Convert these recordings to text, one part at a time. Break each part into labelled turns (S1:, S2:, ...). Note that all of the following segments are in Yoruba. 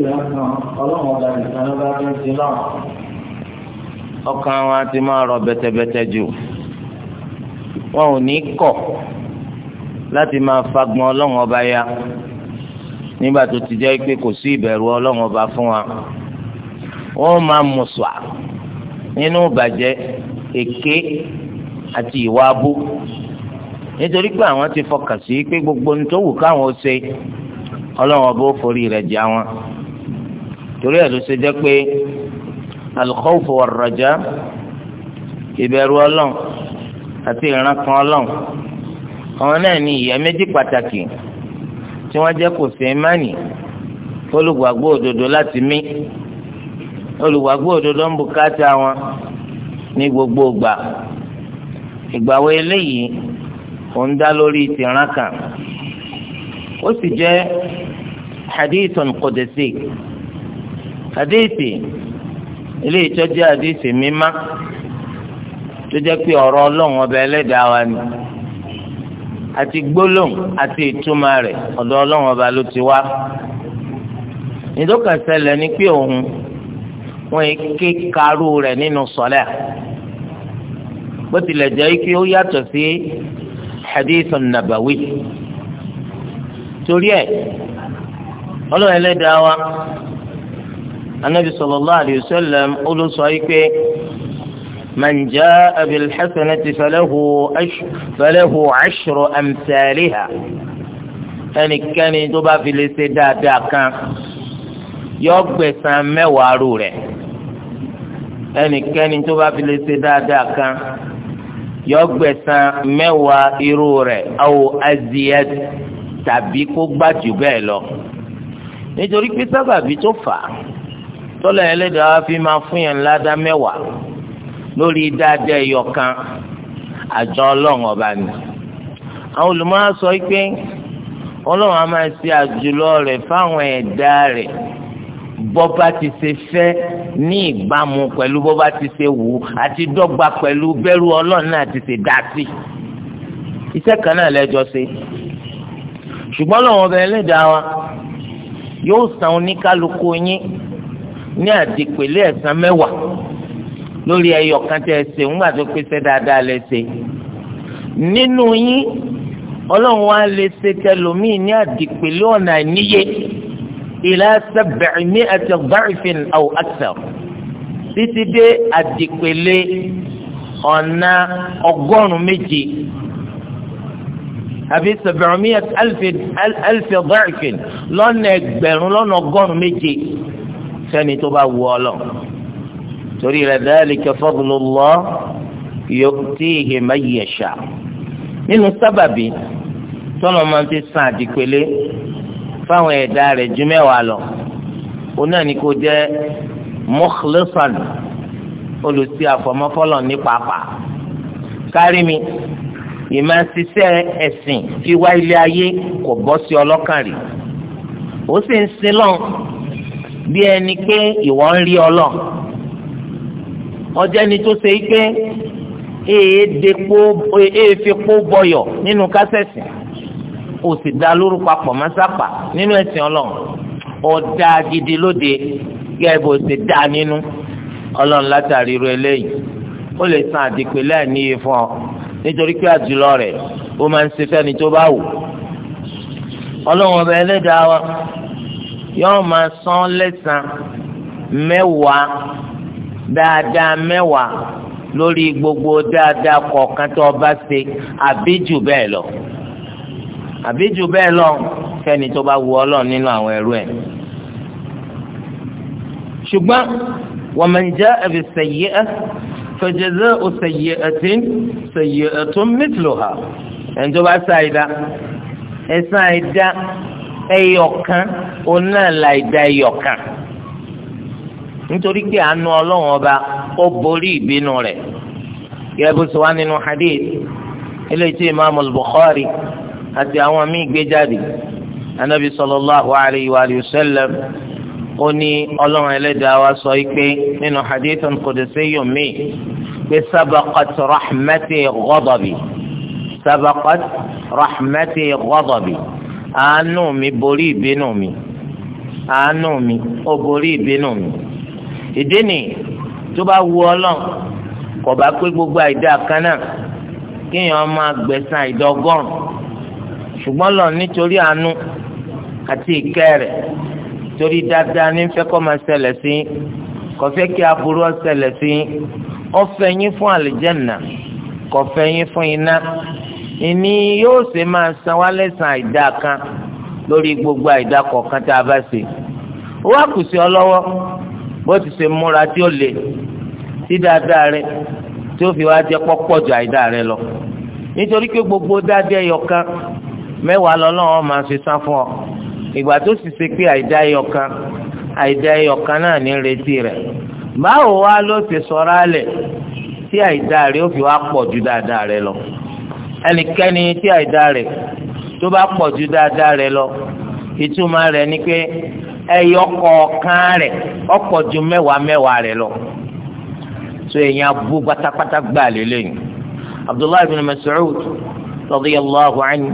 S1: ìlànà ọlọ́run ọ̀gá nìkan ló bá fi ń sin náà. ọkàn wa ti máa rọ bẹ́tẹ́bẹ́tẹ́ jù wọn ò ní kọ̀ láti máa fagbọn ọlọ́run ọba ya nígbà tó ti jẹ́ pé kò sí ìbẹ̀rù ọlọ́run ọba fún wa wọ́n máa mùsùà nínú ìbàjẹ́ èké àti ìwà abú nítorí pé àwọn ti fọkàn sí pé gbogbo ohun tó wù káwọn ó ṣe ọlọ́run ọba ó forí rẹ̀ jẹ àwọn torí ẹ̀ ló ṣe jẹ́ pé alkhawfu warraja ìbẹ̀rù ọlọ́run àti ìran kan ọlọ́run àwọn náà ní ìyá méjì pàtàkì tí wọ́n jẹ́ kò sí ìmánì olùgbàgbọ́ òdodo láti mí olùgbàgbọ́ òdodo ń bùkátà wọn ní gbogbo ìgbà ìgbàwọ eléyìí ò ń dá lórí tìran kan ó sì jẹ́ hadithun qudsi àdéhìtì ilé ìtọ́jú àdéhìtì mímá tó jẹ́ pé ọ̀rọ̀ ọlọ́run ọba ẹlẹ́dàá wa ni àti gbólóhùn àti ìtumọ̀ rẹ̀ ọ̀dọ̀ ọlọ́run ọba ló ti wá. ìdókà ṣẹlẹ̀ ni pé òun wọ́n yìí ké karú rẹ̀ nínú sọ́lẹ̀ bó tilẹ̀ jẹ́ pé ó yàtọ̀ sí hadith nabawi torí ẹ̀ ọlọ́run ẹlẹ́dàá wa anabi sallallahu alayhi wa sallam olùsọ yìí pé man jaa bil hasanati falahu ash falahu ashru amthaliha ẹnikẹ́ni tó bá fi lè ṣe dáadáa kan yọ gbẹ̀san mẹ́wàá rú rẹ̀ ẹnikẹ́ni tó bá fi lè ṣe dáadáa kan yọ gbẹ̀san mẹ́wàá irú rẹ̀ awo aziyad tàbí kó gbàjú bẹ́ẹ̀ lọ nítorí pé sábàbí tó fà á tọ́lá ẹlẹ́dàá fi máa fún yẹn ládàá mẹ́wàá lórí dáadáa ẹ̀yọ̀ kan àjọ ọlọ́run ọba ni. àwọn olùmọ̀ọ́ sọ pé ọlọ́run á máa ṣe àjùlọ rẹ̀ fáwọn ẹ̀dá rẹ̀ bọ́ba ti ṣe fẹ́ ní ìbámu pẹ̀lú bọ́ba ti ṣe wù àti dọ́gba pẹ̀lú bẹ́rù ọlọ́run náà ti ṣe dá sí. iṣẹ́ kan náà lẹ́jọ́ ṣe ṣùgbọ́n lọ́wọ́ ọba ẹlẹ́dàá wa yóò san oníkálukú yín ní àdìpẹ̀lẹ̀ ẹ̀san mẹ́wàá lórí ẹyọ kan tẹ́ ẹ ṣe ńgbà tó pèsè dáadáa lẹ ṣe nínú yín ọlọ́run wa lè ṣe tẹlómìn ní àdìpẹ̀lẹ̀ ọ̀nà níye ìlà sẹ́bẹ̀rẹ̀ ní ẹ̀sẹ̀ gbárífin aw akthar títí dé àdìpẹ̀lẹ̀ ọ̀nà ọgọ́rùn-ún méje àbí sẹ̀bẹ̀rẹ̀ ní ẹ̀sẹ̀ lọ́nà ẹgbẹ̀rún lọ́nà ọgọ́rùn-ún méje fẹ́ni tó bá wù ọ lọ torí rẹ̀ dhalika fadlullah yu'tihi man yasha nínú sábàbí tọ́nà máa ti sàn àdìpẹ́lẹ́ fáwọn ẹ̀dá rẹ̀ ju mẹ́wàá lọ ó náà ní kó jẹ́ mukhlisan olùsí àfọmọ́fọ́lọ̀ ní pàápàá kárí mi ìmọ̀síṣẹ́ ẹ̀sìn fi wá ilé ayé kò bọ́ sí ọlọ́kàn rí ó sì ń sin lọ́n bí ẹni pé ìwọ ń rí ọlọ ọjọ́ ẹni tó ṣe pé èèdèpo èèfipó bọyọ nínú kásẹ̀sì ó sì dá lórúkọ àpọ̀mọ́sápà nínú ẹ̀sìn ọlọ́run ọ̀dà gidi lóde gẹ́gẹ́ bó ṣe dá nínú ọlọ́run látàrí irú eléyìí ó lè san àdìpé lẹ́ẹ̀níye fún ọ nítorí pé àjùlọ rẹ̀ ó máa ń ṣe fẹ́ni tó bá wù ọlọ́run ọba ẹlẹ́dàá wa yóò máa san lẹ́san mẹ́wàá dáadáa mẹ́wàá lórí gbogbo dáadáa kọ̀ọ̀kan tó o bá ṣe àbí jù bẹ́ẹ̀ lọ àbí bẹ́ẹ̀ lọ fẹ́ni tó bá wù Ọlọ́run nínú àwọn ẹrú ẹ̀. ṣùgbọ́n wa man jaa bi sayyi'ah fa jazaa'u sayyi'atin sayyi'atun mithluha ẹ̀ńtọ́ bá ṣàìdá ẹ̀sán àìdá ẹyọkan òun náà la ìdá ẹyọkan nítorí pé àánú ọlọ́run ọba ó borí ìbínú rẹ̀ gẹ́gẹ́ bó ṣe wá nínú hadith eléyìí tí imaamu bukhari àti àwọn míì gbé jáde anabi sallallahu alayhi wa sallam ó ní ọlọ́run ẹlẹ́dàá wa sọ pé nínú hadith qudusiyyun mi pé sabaqat rahmati ghadabi sabaqat rahmati ghadabi àánú mi borí ìbínú mi àánú mi ó borí ìbínú mi ìdí ni tó bá wu ọlọ́run kò bá pé gbogbo àìdá kan náà kéèyàn máa gbẹ̀san àìdá ọgọ́rùn ṣùgbọ́n lọ nítorí àánú àti ìkẹ́ rẹ̀ torí dáadáa ní fẹ́ kọ́ máa ṣẹlẹ̀ sí kò fẹ́ kí aburú ṣẹlẹ̀ sí ó fẹ́ yín fún àlìjẹ́nà kò fẹ́ yín fún iná ìní yóò ṣe máa san wá lẹ́sàn àìdá kan lórí gbogbo àìdá kọ̀ọ̀kan tá a bá ṣe ó wá kù sí ọ lọ́wọ́ bó ti ṣe múra tí ó le tí dáadáa rẹ tí ó fi wá jẹ pọ́pọ́ ju àìdá rẹ lọ nítorí pé gbogbo dáadáa ẹyọ mẹ́wàá lọ́lọ́wọ́ máa fi san fún ọ ìgbà tó sì ṣe pé àìdá ẹyọ àìdá ẹyọ náà ní retí rẹ báwo wá ló ti sọ̀rọ̀ alẹ̀ tí àìdá rẹ ó fi wá pọ̀ ju dáadáa rẹ lọ ẹnikẹ́ni tí àìdá rẹ̀ tó bá pọ̀ ju dáadáa rẹ̀ lọ ìtumọ̀ rẹ̀ ni pé ẹyọ kọ̀ọ̀kan rẹ̀ ọ̀pọ̀ ju mẹ́wàá mẹ́wàá rẹ̀ lọ so èèyàn abú pátápátá gbà lélẹ́yìn abdullahi bin mas'ud radiyallahu anhu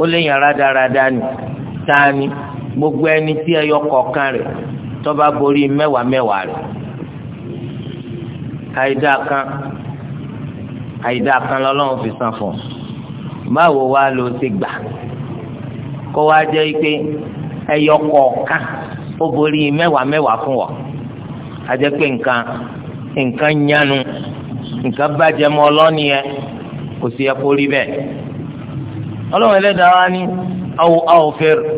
S1: ó léyìn rádaràda ni tani gbogbo ẹni tí ẹyọ kọ̀ọ̀kan rẹ̀ tó bá borí mẹ́wàá mẹ́wàá rẹ̀ àìdá kan àìdá kan lọ́lọ́run fi san fún un. báwo wá ló ti gbà kó wá jẹ́ pé ẹyọ kọ̀ọ̀kan ó borí mẹ́wàá mẹ́wàá fún wa a jẹ́ pé nǹkan nǹkan yanu nǹkan bàjẹ́ mọ́ ọlọ́ni yẹn kò sí ẹkọ rí bẹ́ẹ̀ ọlọ́run ẹlẹ́dàá wa ní awo awo fẹ́rẹ̀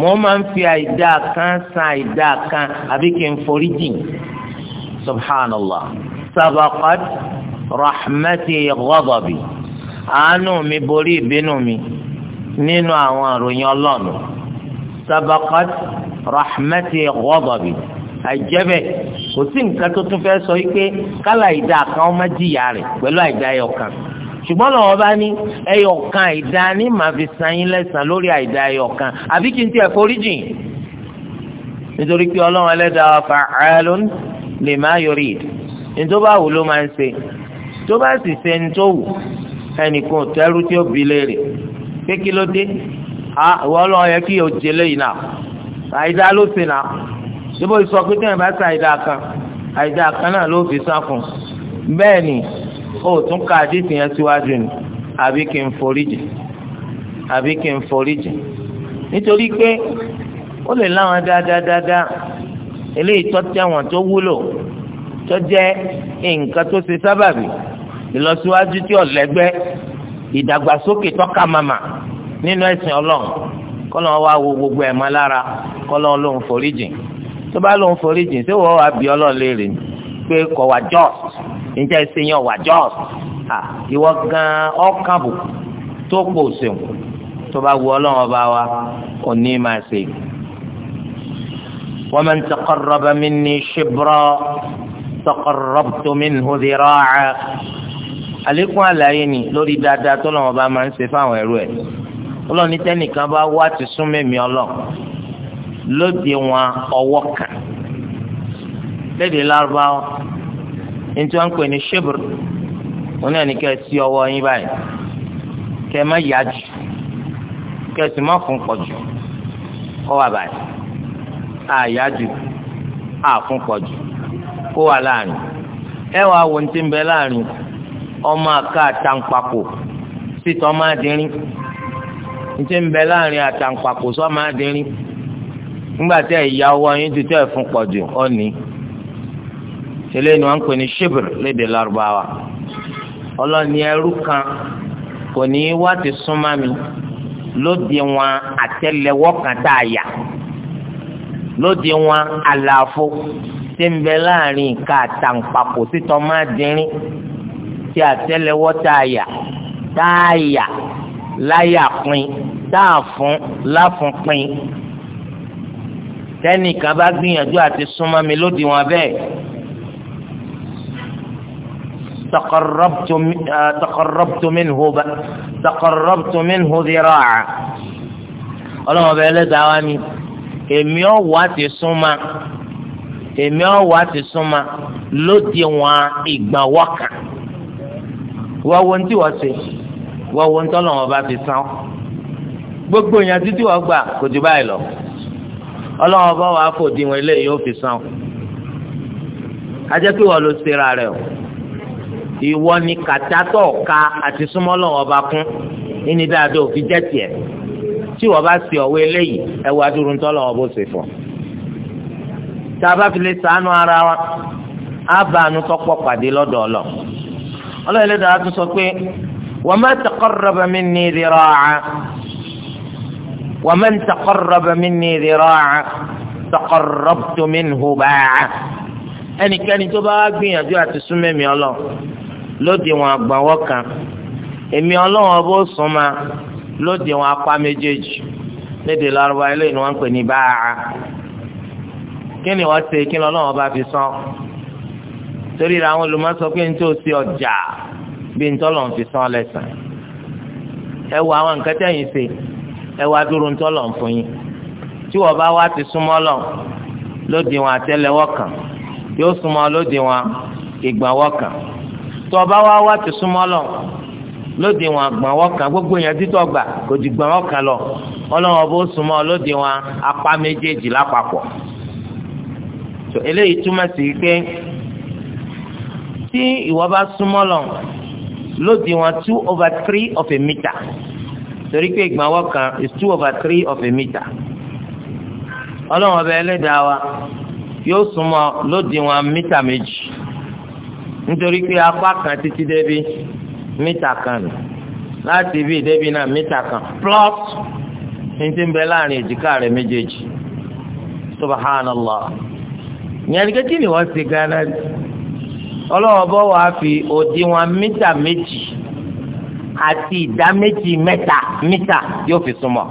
S1: mo máa ń fi àìdá kan san àìdá kan àbí kí n forí jìn subhanallah sabaqat rahmati àánú mi borí ìbínú mi nínú àwọn àròyìn ọlọ́run sabaqat rahmati ghadabi àìjẹ́bẹ̀ kò sí nǹkan tó tún fẹ́ sọ wípé kálá ìdá kan ọmọ jìyà rẹ̀ pẹ̀lú àìdá ẹyọ kan ṣùgbọ́n lọ́wọ́ bá ní ẹyọ kan àìdá ní màá fi san yín lẹ́sàn lórí àìdá ẹyọ kan àbí kí n tiẹ̀ forí jìn nítorí pé ọlọ́run ẹlẹ́dàá fa'alun lima yurid ní tó bá wù ló máa ń ṣe tó bá sì ṣe ní tó wù ẹnìkan ò tẹ́rú tí ó bi léèrè pé kí ló dé ìwọ ọlọ́run yẹ kí o jẹ léyìí náà àìdá ló sì náà síbò ìsọ pé bá sa àìdá kan àìdá kan náà ló fi sá fún bẹ́ẹ̀ ni ó tún ka àdéhùn yẹn síwájú ni àbí kí n forí jì àbí kí n forí jì nítorí pé ó lè láwọn dáadáadáa eléyìí tó tẹ̀wọ̀n tó wúlò tó jẹ́ nǹkan tó ṣe sábàbí ìlọsíwájú tí ọ̀lẹ́gbẹ́ ìdàgbàsókè tọ́ka màmá nínú ẹ̀sìn ọlọ́run kọ́lọ́n wá wo gbogbo ẹ̀ mọ́ lára kọ́lọ́n lòun foríjìn tó bá lòun foríjìn ṣé wọ́n wá bí ọlọ́run léèrè ni pé kọ̀ wá jọ́s níjẹ́ ẹ̀sìn yẹn wá jọ́s ìwọ gan ọkàn bò tó pò sèwọ̀n tó bá wu ọlọ́run ọba wa òní máa ṣe. wa man taqarraba minni shibra taqarrabtu minhu dhira'a àlékún àlàyé ni lórí dáadáa tó lọ́wọ́ bá máa ń ṣe fáwọn ẹrú ẹ̀ ọlọ́ọ̀ni tẹ́nìkan bá wá ti sún mẹ́mí ọlọ́ lóde wọn ọwọ́ kan lédè lárúbáwá ní tí wọ́n ń pè ní ṣébùr wọn náà ní kẹ́ ẹ sí ọwọ́ yín báyìí kẹ́ ẹ má yá jù kẹ́ ẹ sì má fún pọ̀ jù kọ́ wà báyìí àyá jù àfún pọ̀ jù kó wà láàrin ẹ wàá wo ní ti ń bẹ láàrin ọmọ àká àtàǹpàkò sítọ́ máa dínrín ntí ń bẹ láàrin àtàǹpàkò sọ́ máa dínrín nígbà tí ẹ̀yà ọwọ́ yín ti tẹ́ ẹ̀ fún pọ̀jù ọ̀nì tẹ́lẹ̀ ni wọ́n ń pè ní shibr lédè lárúbáwá ọlọ́ni ẹrú kan kò ní í wá ti súnmọ́ mi lóde wọn àtẹ́lẹwọ́ kan tá a yà lóde wọn àlàfo tí ń bẹ láàrin ìka àtàǹpàkò sítọ́ máa dínrín ti àtẹ́lẹwọ́ tá a yà tá a yà láyà pin tá a fún láfún pin tẹ́nìkan bá gbìyànjú àti súnmọ́ mi lódì wọn bẹ́ẹ̀ taqarrabtu minhu taqarrabtu minhu dhira'a ọlọ́wọ́n bẹ́ẹ̀ lẹ́dàá wá mi èmi ọ̀wọ́ àti súnmọ́ èmi ọ̀wọ́ àti súnmọ́ wọ́n wo ní tí wọ́n ṣe wọ́n wo ní tí ọlọ́wọ́n bá fi sán gbogbo ìyànjú tí wọ́n gbà kò jù báyìí lọ ọlọ́wọ́n bá wàá fò dín wọn eléyìí ó fi sán ajẹ́ pé wọ́n ló ṣera rẹ̀ o ìwọ ni kàtàtọ̀ ka àti súnmọ́ lọ́wọ́n bá kún ní dáadọ́ òfin jẹ́ tiẹ̀ tí wọ́n bá ṣe ọ̀wọ́ eléyìí ẹ̀wọ́ adúrú tọ́ lọ́wọ́ bó ṣe fún tá a bá fi lè ṣàánú ara wa á bá àánú tọ́pọ̀ pàdé lọ́dọ̀ ọlọ ọlọ́run ẹlẹ́dàá tó sọ pé wa ma taqarraba minni dhira'a wa man taqarraba minni dhira'a taqarrabtu minhu baa'a ẹnikẹ́ni tó bá gbìyànjú àti súnmẹ́mi ọlọ́run lóde wọn àgbọ̀nwọ́ kan èmi ọlọ́run ọbọ̀ súnmọ́ lóde wọn apá méjèèjì lédè lárúbá eléyìí ni ń pè ní báà kí ni wọ́n ṣe kí ni ọlọ́run ọba fi sán torí ra àwọn olùmọ̀ sọ pé nítorí sí ọjà bí ntọ́lọ̀ ń fi san lẹ́sàn ẹ wọ àwọn nǹkan tẹ̀yìn ṣe ẹ wá dúró ntọ́lọ̀ ń fún yín tí wọ́n bá wá ti súnmọ́ lọ lóde wọn àtẹ́lẹwọ́ kan yóò súnmọ́ lóde wọn ìgbàwọ́ kan tí wọ́n bá wá wá ti súnmọ́ lọ lóde wọn àgbàwọ́ kan gbogbo èèyàn títọ́ gbà kò ju gbàwọ́ kan lọ ọlọ́wọ́n bó súnmọ́ lóde wọn apá méjèèjì lápapọ̀ tí ìwọ bá súnmọ́ lọ lódì wọn two over three of a meter torí pé ìgbàwọ́ kan is two over three of a meter ọlọ́run ọba ẹlẹ́dàá wa yóò súnmọ́ lódì wọn mítà méjì nítorí pé apá kan títí débi mítà kan nù láti débi náà mítà kan plus ń bẹ láàrin èjìká ni wọn ti ọlọ́wọ́ bọ́ wàá fi òdiwọ̀n mítà méjì àti ìdá méjì mẹ́ta mítà yóò fi súnmọ́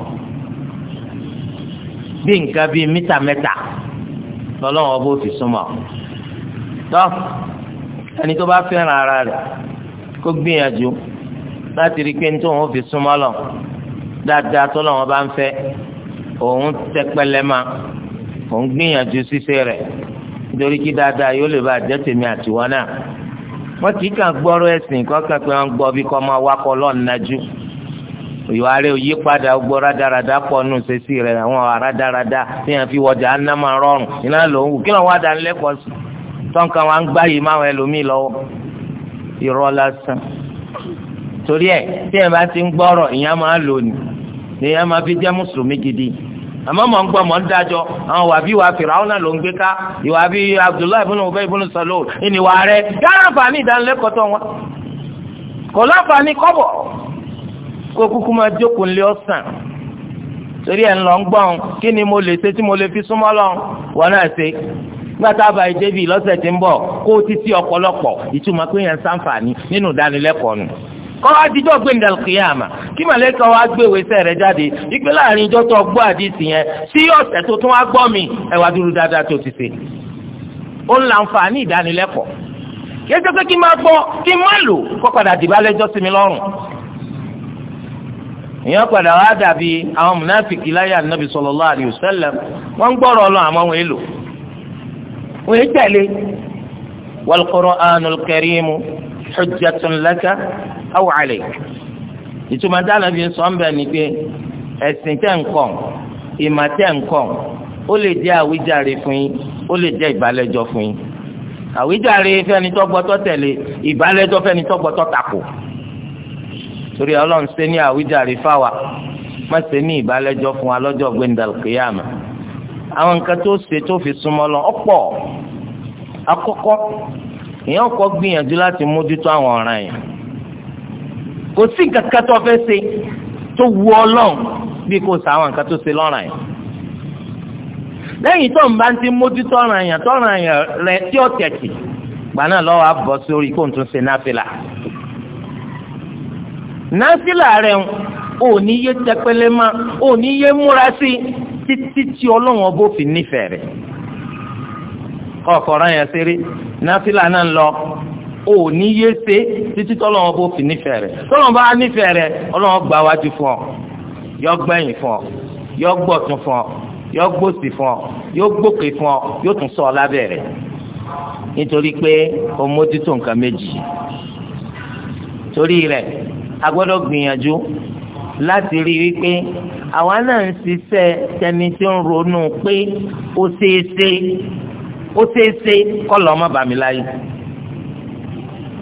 S1: bí nǹkan bíi mítà mẹ́ta lọ́lọ́wọ́ bó fi súnmọ́ tọ́ ẹni tó bá fẹ́ràn ara rẹ̀ kó gbìyànjú láti rí i pé ní tó òun fi súnmọ́ lọ dáadáa tó lọ́wọ́ bá ń fẹ́ òun tẹpẹlẹ ma òun gbìyànjú ṣíṣe rẹ̀. nítorí kí dáadáa yóò lè bá jẹ́ tèmi àtiwọ́n náà wọ́n ti kàn gbọ́rọ̀ ẹ̀sìn kọ́kàn pé wọ́n gbọ́ bí kọ máa wákọ́ lọ́ọ̀nájú ìwà rẹ̀ òye padà gbọ́ rádaràda pọ̀ nù sẹ́sì rẹ̀ àwọn rádaràda tí yẹn fi wọjà ánámà rọrùn iná ló ń wù kí lọ́n wá dá sí tọ́ǹkan gbá yìí ẹlòmíì lọ́wọ́ lásán torí tí bá ti ń gbọ́rọ̀ ìyẹn máa lò ní ìyẹn máa fi jẹ́ mùsùlùmí gidi àmọ́ mọ̀ ń gbọ́ mọ̀ ń dájọ́ àwọn wà bí wà fìràwọ́nà ló ń gbé ká ìwà bí Abdullahi ibùnú Ubay ibùnú Salul ìníwà rẹ̀ yára fàánì ìdánilẹ́kọ̀ọ́ tó wọn kò láǹfààní kọ́bọ̀ kó kúkú máa jókòó ńlẹ́ ọ̀sán torí ẹ̀ ń lọ ń gbọ́n kí ni mo lè ṣe tí mo lè fi súnmọ́ lọ wọn náà ṣe gbàtà bá ìdébì lọ́sẹ̀ tí ń bọ̀ kó títí ọ̀pọ̀lọpọ̀ ìtumọ̀ kọ́ adijọ́ gbé ní alkiyama kí màlẹ́kà wa gbé wẹ́sẹ̀ rẹ̀ jáde ìgbé láàrin ìjọ tó gbọ́ àdìsí yẹn sí ọ̀sẹ̀ tó tún wá gbọ́ mi ẹ̀wà dúró dáadáa tó ti ṣe. ó ń lànfààní ìdánilẹ́kọ̀ọ́ kí ẹjọ́ pé kí máa gbọ́ kí má lò kó padà dìbò alẹ́jọ́ sí mi lọ́rùn. èèyàn padà wá dàbí àwọn mùnáfìkì láyé ànábì sallallahu alaihi wasallam wọ́n gbọ́rọ̀ ọlọ́ àmọ́ wọn èlò wọn aw ale, ìtumọ̀ dáná bíi sọ́ńbẹ̀ ni pé ẹ̀sìn tẹ̀ ń kọ̀ ìmọ̀ tẹ̀ ń kọ̀ ó lè jẹ́ àwíjàre fún yín ó lè jẹ́ ìbálẹ́jọ́ fún yín àwíjàre fẹ́ni tó gbọ́tọ́ tẹ̀lé ìbálẹ́jọ́ fẹ́ni tó gbọ́tọ́ tako torí ọlọ́run ṣe ní àwíjàre fáwa má ṣe ní ìbálẹ́jọ́ fún wa lọ́jọ́ gbẹ̀ndàlùkìyàmù àwọn nǹkan tó ṣe tó fi súnmọ́ lọ ọ̀pọ̀ àkọ́kọ́ èèyàn kọ́ gbìyànjú láti mójútó àwọn ọ̀ràn yẹn kò sí nǹkan kan tó fẹ́ ṣe tó wu ọlọ́run bí kò sáwọn nǹkan tó ṣe lọ́ràn yẹn lẹ́yìn tó ń bá ń ti mójútó ọ̀ràn yẹn tọ́ràn yẹn rẹ tí ó tẹ̀tì gbà náà lọ́wọ́ àbọ̀ sórí kó n tún ṣe náfìlà náfìlà rẹ̀ ò ní yé tẹpẹlẹ mọ́ ò ní yé múra sí títí tí ọlọ́run ọbọ̀ fi nífẹ̀ẹ́ rẹ̀ kọ́ yẹn ṣeré náfìlà náà ń lọ ò ní yé ṣe títí tọ́lọ́wọ́n bó fi nífẹ̀ẹ́ rẹ̀ tọ́lọ́wọ́n bá nífẹ̀ẹ́ rẹ̀ ọlọ́wọ́n gbà wájú fún ọ yọ gbẹ̀yìn fún ọ yọ gbọ̀tún fún ọ yọ gbòsì fún ọ yọ gbòkè fún ọ yóò tún sọ ọ lábẹ́ rẹ̀ nítorí pé o mójútó nǹkan méjì torí rẹ̀ a gbọ́dọ̀ gbìyànjú láti rí i wípé àwa náà ń ṣiṣẹ́ tẹni tí ń ronú pé ó ṣeé ṣe ó ṣeé ṣe kọ́ lọ́ọ́ má bàmí láyé.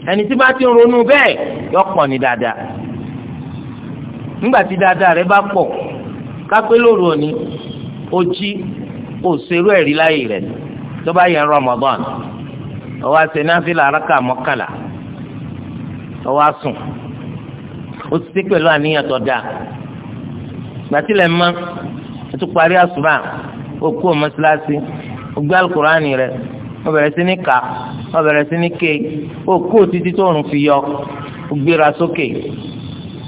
S1: ẹni tí bá ti ń ronú bẹ́ẹ̀ yọ pọ̀ ní dáadáa nígbà tí dáadáa rẹ bá pọ̀ kápẹ́ lóru òní o jí o ṣerú ẹ̀rí láyè rẹ tó bá yẹ Ramadan ó mọ́kànlá ti pẹ̀lú àníyàn tó dáa gbàtílẹ̀ mọ́ ó tún parí àsùbá o kú ọmọ síláṣí o gbé alukurani rẹ. wọ́n bẹ̀rẹ̀ sí ní kà wọ́n bẹ̀rẹ̀ sí ní ké òkú títí tó ń fi yọ gbéra sókè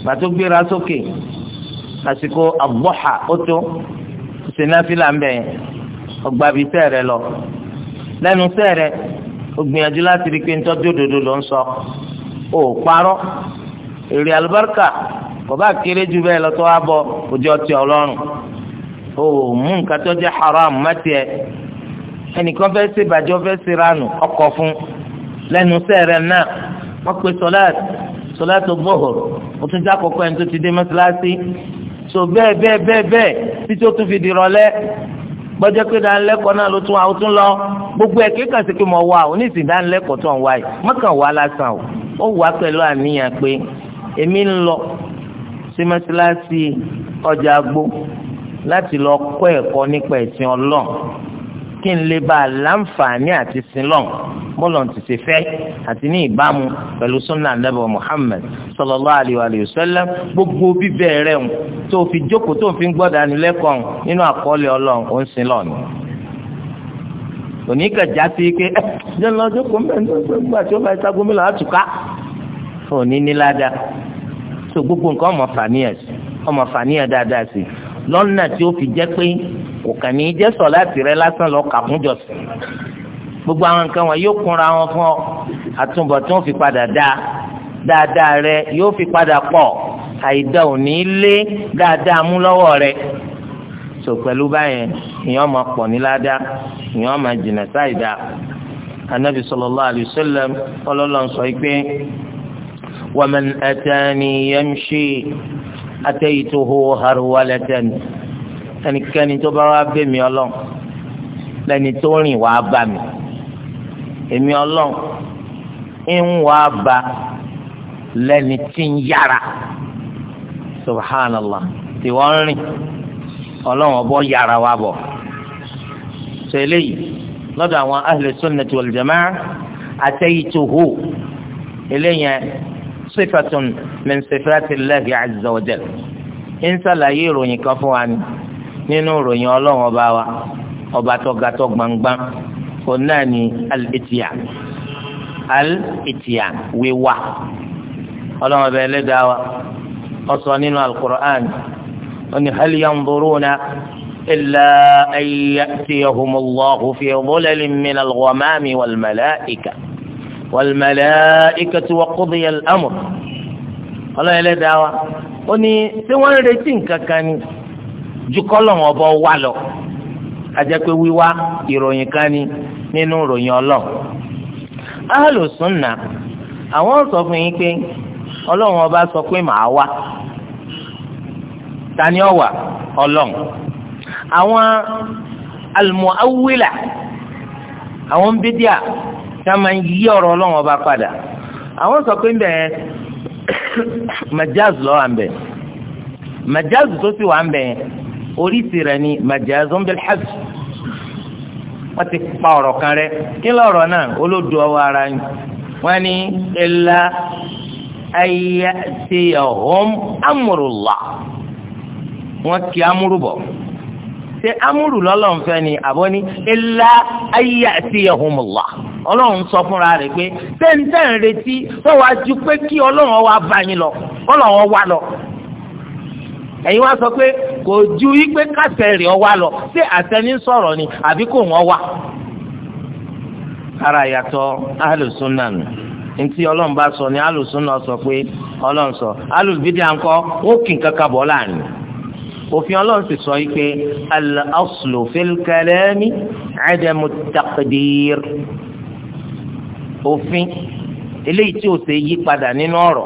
S1: bàtó gbéra sókè àsìkò àbọ̀hà ó tó sinafila ń bẹ̀ ọgbàbí sẹ́ẹ̀rẹ̀ lọ lẹ́nu sẹ́ẹ̀rẹ̀ ògbìyànjú láti rí pé òdodo ló ń sọ parọ́ èrè alùbáríkà kò bá kéré jù bẹ́ẹ̀ lọ́tọ́ wá òjò ọtí ọlọ́run ẹnìkan fẹ́ ṣe bàjẹ́ fẹ́ ṣe ránù ọkọ̀ fún lẹ́nu sẹ́rẹ̀ náà wọ́n pe sọláàt sọláàt bọ́hùr ó tún já kọ́kọ́ ẹni tó ti dé mọ́ṣáláṣí so bẹ́ẹ̀ bẹ́ẹ̀ bẹ́ẹ̀ bẹ́ẹ̀ títí ó tún fi di rọlẹ́ gbọ́jọ́ pé dánilẹ́kọ̀ọ́ náà ló tún àwọn tún lọ gbogbo ẹ̀ kí kàn sí pé mo wá o ní ìsìn dánilẹ́kọ̀ọ́ tó ń wá yìí mọ́kàn wá lásán o ó wá pẹ̀lú àníyàn pé èmi ń lọ sí mọ́ṣáláṣí ọjà agbó láti lọ kọ́ ẹ̀kọ́ nípa ẹ̀sìn ọlọ́run kí n lè bá a láǹfààní àti sinlọ́n bọ́lọ̀ ti ṣe fẹ́ àti ní ìbámu pẹ̀lú sunnah nebà Muhammad sallallahu alayhi wa sallam gbogbo bíbẹ̀ rẹ̀ ń tó fi jókòó tó fi ń gbọ́dọ̀ ànilẹ́kọ̀ọ́ nínú àkọọ́lẹ̀ ọlọ́run ó ń sinlọ́n òní kẹjà sí pé ẹ eh, jẹ́ lọ jókòó mẹ́rin tó gbà tí ó bá ìta gómìnà àtúkà òní níláda so gbogbo nǹkan ọmọ fàníyà sí ọmọ fàníyà dáadáa sí lọ́nà tí ó fi jẹ́ pé kò kàn ní í jẹ́ sọ láti rẹ lásán lọ kà fún jọ̀sìn gbogbo àwọn nǹkan wọn yóò kúnra wọn fún ọ àtúbọ̀tún fi padà dá dáadáa rẹ yóò fi padà pọ̀ àìdá ò ní lé dáadáa mú lọ́wọ́ rẹ so pẹ̀lú báyẹn ìyẹn ọmọ pọ̀ ní ládàá ìyẹn jìnnà sáìdá anabi sallallahu alayhi wa sallam ọlọ́lọ́n sọ pé waman atani yamshi ataytuhu harwalatan ẹnikẹ́ni tó bá wá bẹ̀ mí ọlọ́run lẹ́ni tó rìn wá bá mi èmi ọlọ́run ń wá bá lẹ́ni tí ń yára subhanallah tí wọ́n rìn ọlọ́run ọbọ̀ yára wá bọ̀ sọ eléyìí lọ́dọ̀ àwọn ahlu sunnati wal jamaa ataytuhu eléyìí sifatun min sifati Allahi azza wa jalla ń sàlàyé ìròyìn kan fún wa ni nínú ìròyìn ọlọ́run ọba wa ọba tọ́gatọ́ gbangban òun náà ni al-itiya al-itiya wíwá ọlọ́run ọba ẹlẹ́dàá wa ó sọ nínú al-Qur'an ó ní hal yanzuruna illa an ya'tiyahumullahu fi dhulalin minal ghamami wal malaika wal malaikatu wa qudiya al-amr ọlọ́run ẹlẹ́dàá wa ó ní tí wọ́n ń retí nǹkan ni. ju kọ́lọ́hún ọba lọ ajẹ́ pé wíwá ìròyìn kan ni nínú ìròyìn ọlọ́ọ̀ ahlu àwọn sọ fún yín pé ọlọ́run ọba sọ pé màá wá tani ọwà ọlọ́run àwọn awọn àwọn bídíà tá máa ń yí ọ̀rọ̀ ọlọ́run ọba padà àwọn sọ pé bẹ́ẹ̀ majaz lọ́wọ́ à ń bẹ̀ majaz tó oríṣi rẹ̀ ni majazun bil hajj wọ́n ti pa ọ̀rọ̀ kan rẹ̀ kí lọ́rọ̀ náà olódò ọwọ́ ara yín wọ́n ní ilà ayé ti ọ̀hún amúrùlá wọ́n kì amúrù bọ̀ ṣé amúrù lọ́lọ́run fẹ́ ni àbọ̀ ní ilà ayé ti ọ̀hún mùlá ọlọ́run sọ fúnra rẹ̀ pé tẹ́ńtẹ́ń retí wọ́n wá ju pé kí ọlọ́run wá bá lọ ọlọ́run wá lọ. ẹ̀yin wá sọ pé kò ju ipe kásẹ̀ rẹ̀ ọ wá lọ ṣé àtẹni sọ̀rọ̀ ni àbí kò wọ́n wá. ara yàtọ̀ alùsùnà nù ntí ọlọ́run bá sọ ni alùsùnà sọ pé ọlọ́run sọ alùbídà ńkọ́ ó kì í kankan bọ̀ láàrin òfin ọlọ́run sì sọ pé al-aslu fil kalami adamu òfin eléyìí tí ó ṣe yí padà nínú ọ̀rọ̀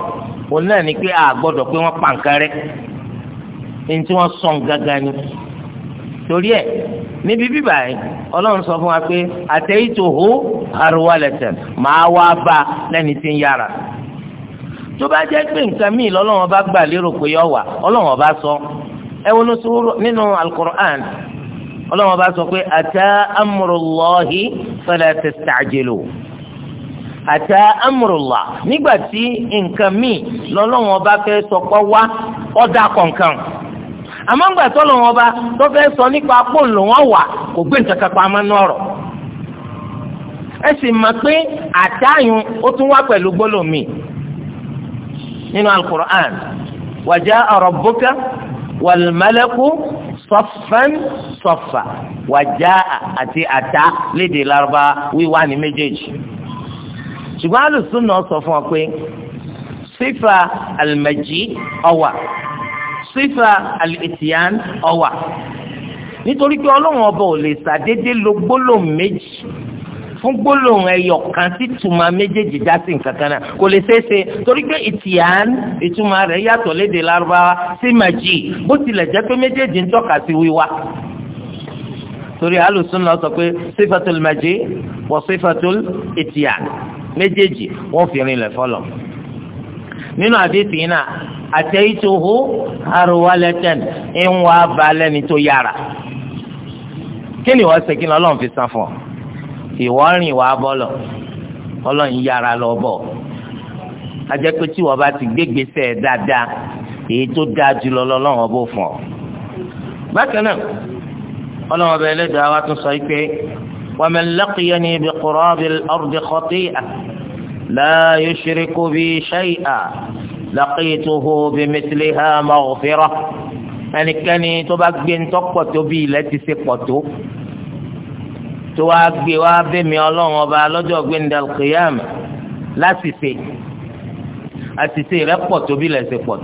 S1: òun ni pé a pé wọ́n pa ní tí wọ́n sọ̀n gángan ni torí ẹ̀ níbi bíbà yìí ọlọ́run sọ fún wa pé àtẹ̀yìntòhó àrùwalẹ̀tẹ̀ máa wá bá lẹ́ni tí ń yára tó bá jẹ́ pé nǹkan míì lọ́lọ́run bá gbà lérò pé yọ wà ọlọ́run bá sọ ẹ wo nínú alukur'an ọlọ́run bá sọ pé àtẹ amúrúlọ́hì fẹlẹ̀ tẹ̀sítàjẹlò àtẹ amúrúlọ́ nígbà tí nǹkan míì lọ́lọ́run bá fẹ́ sọ pé wá ọ̀dà kọ̀ọ̀kan àmọ́ ńgbà tó lọ́wọ́ ọba tó fẹ́ sọ nípa pòǹlò wọn wà kò gbé nǹkan kan pamọ́ náà rọ̀ ẹ sì mọ̀ pé àtàyùn ó tún wá pẹ̀lú gbólómi nínú alukur'an wa jaa rabbuka wal malaku sọfẹn sọfà wa jaa àti àtà lédè larubá wíwá ní méjèèjì ṣùgbọ́n alùsùn náà sọ fún ọ pé sífà àlùmẹ̀jì ọwà sífà àlìtìyàn ọ̀wà nítorí pé ọlọ́run ọba ò lè ṣàdédé lo gbólóhùn méjì fún gbólóhùn ẹyọ kan tí tùmọ̀ méjèèjì já sí nǹkan kan náà kò lè ṣeé ṣe torí pé ìtìyàn ìtumọ̀ rẹ̀ yàtọ̀ lédè lárúbáwá sí màjì bó tilẹ̀ jẹ́ pé méjèèjì ń tọ́ka sí wíwá torí alùsùnà sọ pé sífàtul màjì wọ sífàtul ìtìyàn méjèèjì wọ́n fi rin lẹ̀ fọlọ́ nínú àdéhùn yìí náà àtẹ̀yìntòhó arúwálẹ́tẹ̀n ń wá balẹ̀ ní tó yára kí ni wọ́n ṣe kí ni ọlọ́run fi san fún ọ ìwọ rìn wá bọ́lọ̀ ọlọ́run yára lọ bọ̀ ajẹ́ pé tí wọ́n bá ti gbégbèsè dáadáa èyí tó dáa jùlọ lọ́lọ́run ọbọ̀ fún ọ. bákan náà ọlọ́run ọbẹ̀ ẹlẹ́dàá wa tún sọ pé wàmẹ̀ ni ibi kúrọ́ لا يشرك بي شيئا لقيته بمثلها مغفرة ẹnikẹ́ni tó bá gbé ńtọ́ pọ̀ tó bí ilẹ̀ ti ṣe pọ̀ tó tó wá gbé wá bẹ́mi ọlọ́run ọba lọ́jọ́ gbẹ̀ndàl kìyàm láṣìṣe àṣìṣe rẹ̀ pọ̀ tó bí ilẹ̀ ṣe pọ̀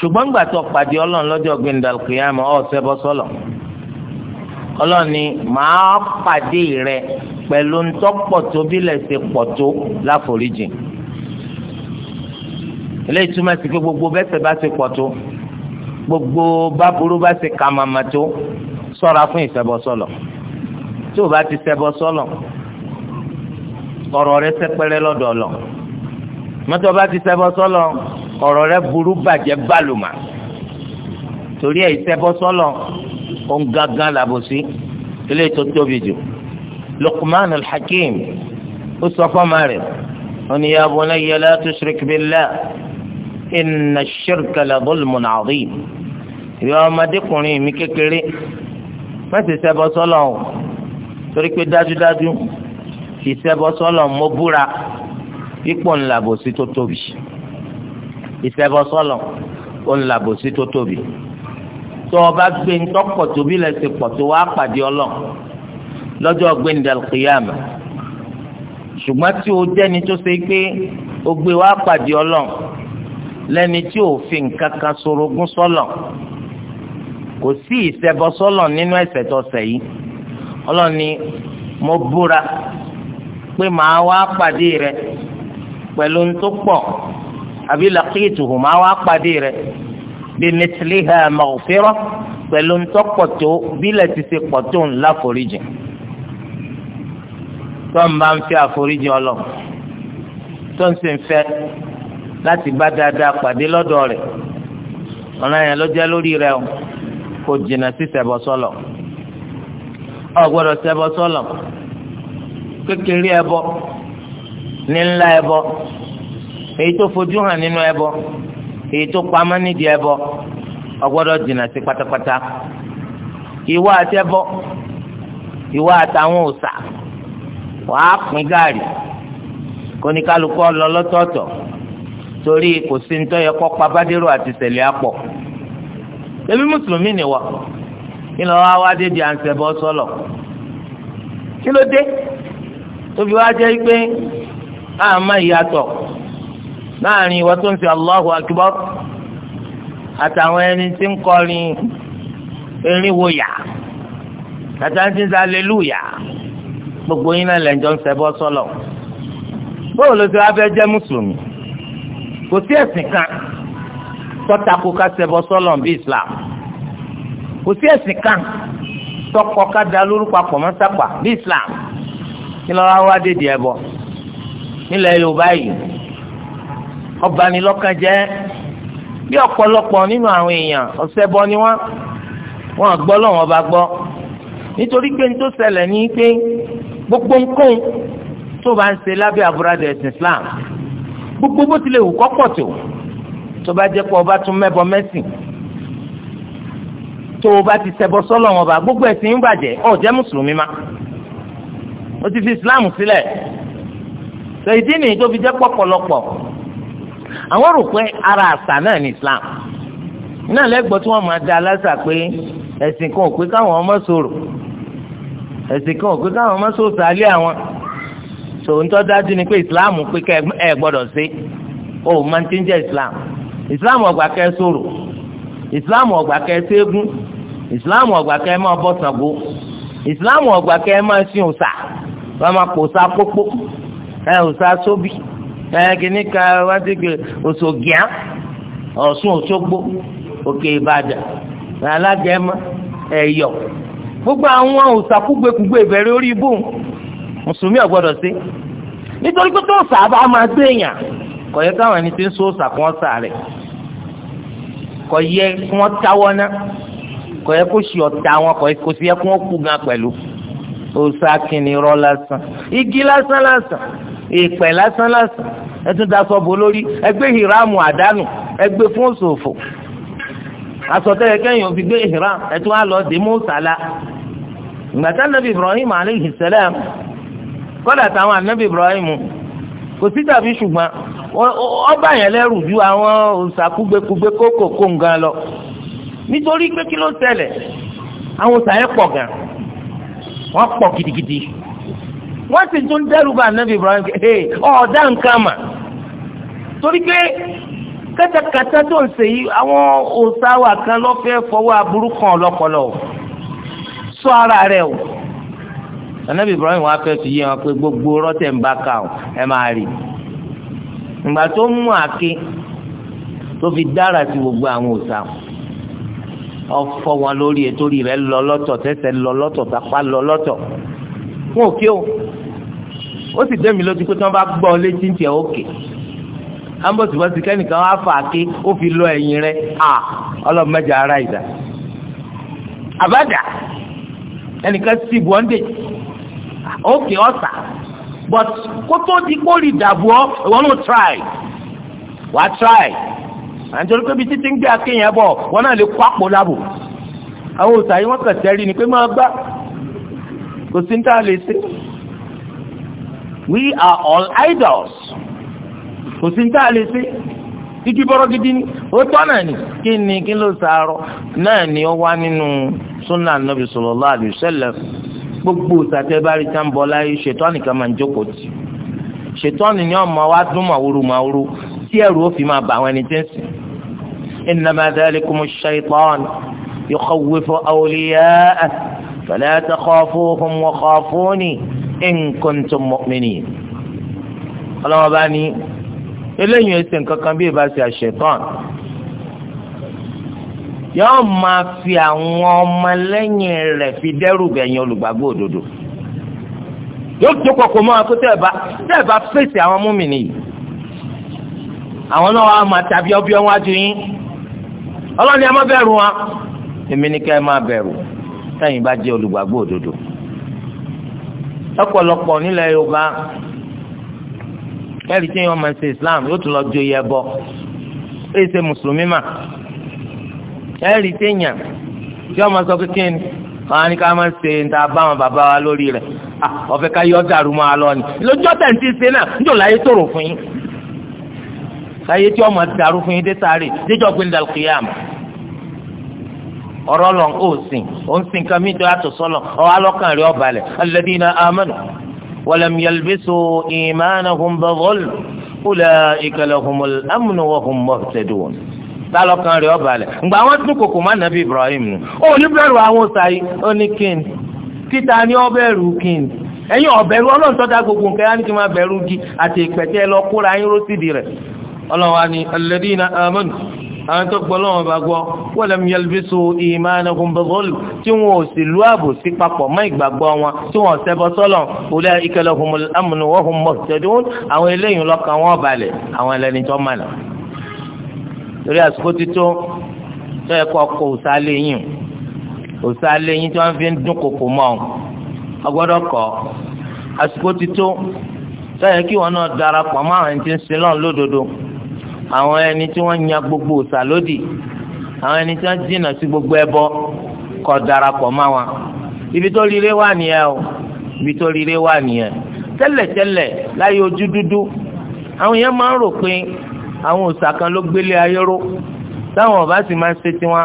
S1: ṣùgbọ́n gbà tó pàdé ọlọ́run lọ́jọ́ gbẹ̀ndàl kìyàm ọ̀ ṣẹbọ ọlọ́run ni màá pàdé rẹ̀ pẹ̀lú ntọ́pọ̀tò bílẹ̀ ṣe pọ̀tò láforíjì ilé ìtumọ̀ sí pé gbogbo bẹ́sẹ̀ bá ṣe pọ̀tò gbogbo báburú bá ṣe kàmàmà tó sọ́ra fún ìṣẹbọ sọlọ tí o bá ti ṣẹbọ sọlọ ọ̀rọ̀ rẹ sẹpẹrẹ lọ́dọ̀ lọ mọ́tò bá ti ṣẹbọ sọlọ ọ̀rọ̀ rẹ burú bàjẹ́ bàlùmà torí ẹ̀ ìṣẹbọ sọlọ òun gangan làbòsí ilé tó tóbi jù Luqman al-Hakim ó sọ fọ́mà rẹ̀ ó ní ya bunayya la tushrik billah inna ash-shirka la dhulmun adhim ìwé ọmọdékùnrin mi kékeré má ṣe ṣẹbọ sọ́lọ̀ o torí pé dájúdájú ìṣẹbọ sọ́lọ̀ mo búra ipò ńlábòsí tó tóbi ìṣẹbọ sọ́lọ̀ ó ńlábòsí tó tóbi tó o bá gbé ńtọ́pọ̀ tóbi lẹ́sìn pọ̀ tó wá pàdé ọlọ́run lọ́jọ́ gbẹ̀ndàlùkìyàmù ṣùgbọ́n tí o jẹ́ni tó ṣe pé o gbé wá pàdé ọlọ́n lẹ́ni tí ò fi nǹkan kan sorogún sọ́lọ̀ kò sí ìṣẹbọ sọ́lọ̀ nínú ẹ̀ṣẹ̀ tó ṣẹ̀ yìí ọlọ́run ni mo búra pé màá wá pàdé rẹ pẹ̀lú ń tó pọ̀ àbí làkìtùhù màá wá pàdé rẹ bí mẹtìlíhà màòfẹ́rọ́ pẹ̀lú ń tó pọ̀ tó bílẹ̀ ti ṣe pọ̀ tó ńlá foríjì. tó ń bá ń fẹ́ àforíjì ọlọ tó ń sì ń fẹ́ láti bá dáadáa pàdé lọdọ rẹ ọ̀nà yẹn ló jẹ́ lórí rẹ̀ o kò jìnnà sí sọlọ gbọ́dọ̀ ṣẹbọ kékeré ẹbọ ní ńlá ẹbọ èyí tó fojú hàn nínú ẹbọ èyí tó pamọ́ nídìí ẹbọ ọ gbọ́dọ̀ jìnnà sí pátápátá ìwà àtàwọn wàá pín gààrí kóníkálukú lọ lọ́tọ̀ọ̀tọ̀ torí kò sí ní tọ́yẹ kọ́ pa bádérò àti sẹ̀lẹ̀ àpọ̀ ẹbí mùsùlùmí nìwọ kí ló wá wá dédìí à ń ṣẹbọ sọlọ kí ló dé tóbi wá jẹ́ pé àmọ́ ìyàtọ̀ láàrin ìwọ tó ń ṣe Allahu Akbar àtàwọn ẹni tí ń kọrin erinwó yà àtàwọn tí ń ṣe aleluya gbogbo yín náà lẹ́jọ́ ń ṣẹbọ sọ́lọ̀ bóyá ló ti wá fẹ́ jẹ́ mùsùlùmí kò sí ẹ̀sìn kan tọ́takò ká ṣẹbọ sọ́lọ̀ bí Islam kò sí ẹ̀sìn kan tọkọ ká da lórúkọ àpọ̀mọ́sápà bí Islam kí lọ́wọ́ wá dédìí ẹ̀bọ nílẹ̀ Yorùbá yìí ọba ni lọ́kàn jẹ́ bí ọ̀pọ̀lọpọ̀ nínú àwọn èèyàn ọ̀sẹ̀bọ ni wọ́n wọ́n gbọ́ lọ́wọ́n ọba gbọ́ nítorí pé ní tó ṣẹlẹ̀ ní pé gbogbo nǹkan tó bá ń ṣe lábẹ́ àbúradà ẹ̀sìn Islam gbogbo bó tilẹ̀ wù kọ́pọ̀ tó tó bá jẹ́ pé ọba tún mẹ́bọ mẹ́sìn tó o bá ti ṣẹbọ sọ́lọ̀ wọn bá gbogbo ẹ̀sìn ń ọ̀ jẹ́ mùsùlùmí má o ti fi Islam sílẹ̀ sọ ìdí nìyí tó fi jẹ́ pọ̀pọ̀lọpọ̀ àwọn rò pé ara àṣà náà ní Islam náà lẹ́gbọ̀ọ́ tí wọ́n máa da aláṣà pé ẹ̀sìn kan ò pé káwọn ọmọ sọ̀rọ̀ ẹ̀sìn kan òkú táwọn ọmọ sòòtà lé àwọn tòǹtọ́ dájú ni pé islam pé kẹ ẹ gbọ́dọ̀ sí o máa ti ń jẹ́ islam islam ọgbà kẹ sòrò islam ọgbà kẹ ségun islam ọgbà kẹ máa bọ́ Ṣàngó islam ọgbà kẹ máa sin òòṣà wọ́n máa kó sa pópó ẹ òòṣà sóbì ẹ kìíní ka wá sí ke òṣògìá Ọ̀ṣun Òṣogbo Òkè Ìbàdàn alágẹ̀mọ́ ẹ̀yọ̀ gbogbo àwọn òsàkúgbèkúgbè ìbẹ̀rẹ̀ orí ibú mùsùlùmí ọ̀gbọ́dọ̀ sí nítorí pé tó ọ̀sà bá máa gbé èèyàn kò yẹ káwọn ẹni tí ń so ọ̀sà kún ọ̀sà rẹ̀ kò yẹ kí wọ́n táwọ́ ná kò yẹ kó ṣe ọ̀tá wọn kò yẹ kó ṣe yẹ kí wọ́n kú gan pẹ̀lú ọ̀sà kìnnì rọ lásán igi lásán lásán ìpẹ́ lásán lásán ẹtún daṣọ bò lórí ẹgbẹ́ hìrámù àdánù ẹgbẹ́ fún òṣòfò asọ̀tẹ́yẹ kẹ́yìn òfin gbé hìrámù ẹtún á lọ dé mọ́ọ̀sálà gbàtà nàbì ibrahim aleyhi salam kọ́dà táwọn ànábì ibrahim kò sí tàbí ṣùgbọ́n ọba yẹn lẹ́rù ju àwọn òṣàkúgbèkúgbè kókò kó nǹkan lọ nítorí pé kí ló ṣẹlẹ̀ àwọn òṣà yẹn pọ̀ gan wọ́n pọ̀ gidigidi wọ́n sì tún dẹ́rù bá ànábì ibrahim ọ̀ọ́dá nǹkan mà torí pé kátàkátà tó ń ṣèyí àwọn òṣà wà kan lọ́fẹ́ fọwọ́ aburú kan ọlọ́pọlọ sọ ara rẹ o anabi ibrahim wa fẹ́ fi yé wọn pé gbogbo rọ́tẹ̀ ń bá ka o ẹ máa rí ìgbà tó mú àáké tó fi dára sí gbogbo àwọn òòṣà ọfọ wọn lórí ètò e orí rẹ lọ lọ́tọ̀ tẹsẹ̀ lọ lọ́tọ̀ tapá lọ lọ́tọ̀ fún òkè o ó sì dẹ́mi lójú pé tí wọ́n bá gbọ́ létí ń tiẹ̀ òkè ambosibosi kẹ́nìkan wá fà ké ó fi lọ ẹ̀yìn rẹ̀ à ọlọ́mọdé ara ìdá àbádà ẹnìkan sì bù ọ́n dè ókè ọ̀sà but kótó di kórì dàbù ọ́ wọ́n ló try wàá try àǹtọ́rí pé bí títí ń gbé akéèyàn bọ̀ wọ́n náà lè kó àpò lábò àwọn òòsà yìí wọ́n kàn sẹ́rí ni pé máa gbá kò sí ń tá lè ṣe we are all idols kò sí ń tá a lè ṣe igi bọ́rọ̀ gidi ni ó tọ́ náà ni kí ni kí ló sàárọ̀ náà ni ó wá nínú súnà nàbì sallallahu alaihi wasallam gbogbo sàtẹ́ bá rí tá ń bọ̀ láyé ṣètọ́nì kan máa ń jókòó tì ṣètọ́nì ni ọmọ wa dún màwúrú màwúrú tí ẹ̀rù ó fi máa bà àwọn ẹni tí ń sìn. innama dhalikumu shaytan yukhawwifu awliya'ah fala takhafuhum wa khafuni in kuntum mu'minin. ọlọ́wọ́ bá ní ẹsẹ̀ nǹkan kan bí ìbá ṣe yóò máa fi àwọn ọmọlẹ́yìn rẹ̀ fi dẹ́rù bẹ̀yìn olùgbàgbọ́ òdodo yóò tó kọ̀kọ̀ mọ́ akó tẹ́ẹ̀ bá tẹ́ẹ̀ bá fèsì àwọn múmìnì yìí àwọn náà wàá máa tàbí ọbí ọwọ́ adùn yín ọlọ́ni ẹ má bẹ̀rù wọn èmi ni ká ẹ má bẹ̀rù sẹ́yìn bá jẹ́ olùgbàgbọ́ òdodo ọ̀pọ̀lọpọ̀ nílẹ̀ Yorùbá ẹ̀rí tí wọ́n máa ṣe Islam yóò tún lọ joyè ẹbọ èyí ẹ̀rí téèyàn tí ọmọ sọ kékeré ni wọn á ní ká máa ṣe níta bá wọn bàbá wa lórí rẹ̀ ọ̀fẹ́ ká yọ dàrú máa lọ ni lójọ́ tẹ̀ ń ti ṣe náà ń jò láyé tòrò fún yín láyé tí ọmọ dàrú fún yín dé sáré déjọ́ pé ní dàlùkìyàm ọ̀rọ̀ lọ ó sìn ó ń sìn kan mí tó yàtọ̀ sọ́lọ̀ ọ̀hún alọ́kàn rẹ̀ ọ̀balẹ̀ alladhina amanu walam yalbisu imanahum bi dhulm ulaika lahumul amnu wa hum muhtadun tálọ́kan rẹ̀ ọba lẹ̀ ǹgbà wọ́n tún kòkò má nàbí Ibrahim nù ó ní bẹ̀rù àwọn sàyí ó ní kíni títa ní ọbẹ̀rù kíni ẹ̀yin ọ̀bẹ̀rù ọlọ́run tọ́ta gbogbo nǹkan yá ní kí n máa bẹ̀rù gi àti ìpẹ̀tẹ́ lọ kóra yín rósìdì rẹ̀ ọlọ́wà ni alladina amanu àwọn tó gbọ́ lọ́wọ́ bá gbọ́ walam yalbisu imanahum bizulm tí wọn ò sì lu ààbò sí papọ̀ mọ́ ìgbàgbọ́ wọn tí wọn ṣẹbọ sọ́lọ̀ ulaika lahumul amnu wa hum muhtadun àwọn eléyìí lọ́kàn wọn balẹ̀ àwọn ẹlẹ́ni tó mọ̀nà torí àsìkò tító tó yẹ kó kó òsàlẹ̀ yìí òsàlẹ̀ yìí tí wọ́n fi ń dún kòkò mọ́ ọ ọgbọ́dọ̀ kọ́ àsìkò tító tó yẹ kí wọn náà darapọ̀ mọ́ àwọn ẹni tí ń sin lọ́n lódodo àwọn ẹni tí wọ́n yan gbogbo òsà lódì àwọn ẹni tí wọ́n jìnnà sí gbogbo ẹbọ kó darapọ̀ mọ́ wọn ibi tó rire wà nìyẹn o ibi tó rire wà nìyẹn tẹ́lẹ̀tẹ́lẹ̀ láyé ojú dúdú àwọn èèyàn máa ń rò pé àwọn òòṣà kan ló gbélé ayé ró táwọn ọba sì máa ṣe tiwọn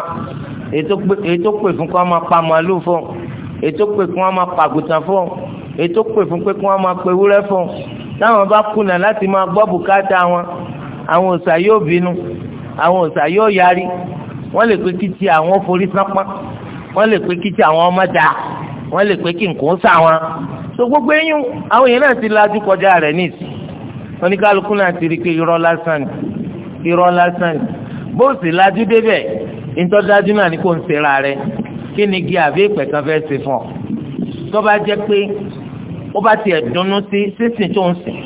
S1: ètò pè fún kí wọn máa pa màálù fún ètò pè fún kí wọn máa pàgùtàn fún ètò pè fún pé kí wọn máa pe wúrẹ́ fún táwọn bá kùnà láti máa gbọ́ bùkátà wọn àwọn òòṣà yóò bínú àwọn òòṣà yóò yarí wọ́n lè pé kí ti àwọn forí sápá wọ́n lè pé kí ti àwọn ọmọ dáa wọ́n lè pé kí nǹkan sá wọn so gbogbo eyín àwọn èèyàn náà ti lajú kọjá rẹ̀ nísìnyí oníkálukú náà ti rí i pé irọ́ lásán ni irọ́ lásán ni bó sì lajú débẹ̀ ìtọ́jú náà ni kò ń ṣera rẹ kí ni igi àbí ìpẹ́ kan fẹ́ ṣe fún ọ tó bá jẹ́ pé ó bá tiẹ̀ dunnú sí sísìn tó ń sìn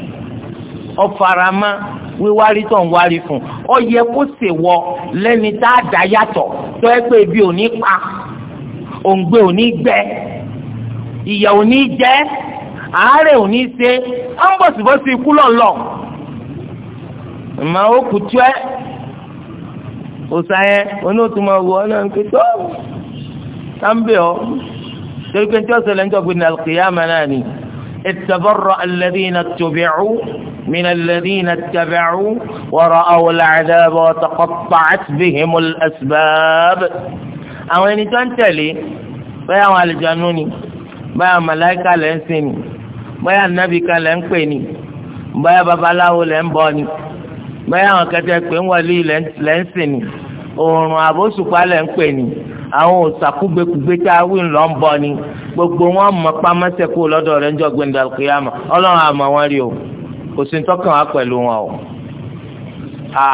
S1: ọ faramá wíwárí tó ń wárí fún ọ yẹ kó ṣèwọ lẹ́ni tá a dá yàtọ̀ tó ẹ pé ibi ò ní pa òǹgbẹ ò ní gbẹ ìyà ò jẹ àárẹ̀ ò ní ṣe ó ń bọ̀sibọ́sí ikú lọ́nlọ́ ìmọ̀ ó kù tí ẹ́ òsà yẹn onótùmọ̀ wọ ọ́ náà ń pè tó sáńbẹ̀ ọ́ torí pé tí ó ṣẹlẹ̀ ń jọ gbé ní náà ni ìtàbọ̀rọ̀ alẹ́dínà tòbẹ̀rù من الذين اتبعوا ورأوا العذاب وتقطعت بهم الأسباب àwọn ẹni tó ń tẹ̀lé báyà àwọn àlùjànnú ni báyà màláíkà lẹ́sìn ni báyà nábì kan lẹ́ ń pè ní báyà babaláwo lẹ́ ń bọ ni báyà àwọn kẹtẹ pé ń wọlé lẹ́ ń sìn ni òòrùn àbóṣùpá lẹ́ ń pè ní àwọn òṣàkúgbèkúgbè tá a wí ńlọ ń bọ ni gbogbo wọn mọ pàmẹsẹ kó lọ́dọ̀ rẹ̀ ńjọ gbẹndàkúyàmọ Ọlọ́run àmọ́ wọn rí o kò sí tọkàn wá pẹ̀lú wọn o a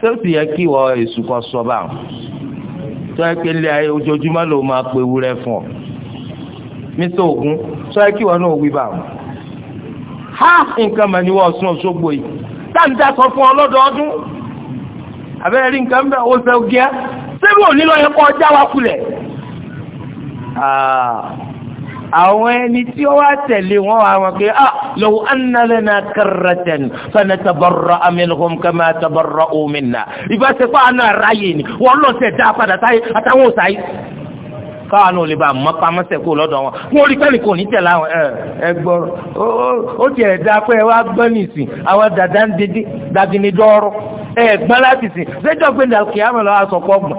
S1: tó ti yẹ kí wọ èsù kan sọ bá tó yẹ kí ilé ayé ojoojúmọ́ ló máa pe ewúrẹ́ fún ọ mr ogun sọ ẹ kí wọn náà wí bá wọn. ha nǹkan mà ní wọ́n sún ọ̀ṣọ́gbó yìí táǹtà sọ fún ọ lọ́dọọdún abẹ́rẹ́ rí nǹkan bẹ́ẹ̀ ó sẹ́ gíá sẹ́mi ò nílò
S2: ẹ̀kọ́ ọjà wa kulẹ̀.
S1: Ah, àwọn ẹni tí ó wá tẹ̀lé wọn wà wọn pé ah, lọ́wọ́ annalẹ́ na kẹrẹtẹ̀n fẹ́nẹ́ tabarra aminuhum kama tabarra ominna ìbáṣepọ̀ àná ráyè ni wọ́n lọ́sẹ̀ dá padà táyé àtàwọn òsáyé káwọn náà lè bá mọ́ pamọ́sẹ̀ kó lọ́dọ̀ wọn wọn orí pẹ́ẹ́lí kò ní tẹ̀lé àwọn ẹ gbọ́rọ̀ ó tiẹ̀ da pé ẹ wá gbọ́ nìsín àwọn dàda ń dédé dàbí ní dọ́ọ̀rọ̀ ẹ gbọ́n láti sìn ṣéjọ́ pé dàkì àmọ́ lọ́wọ́ aṣọ pọ̀ gbọ̀n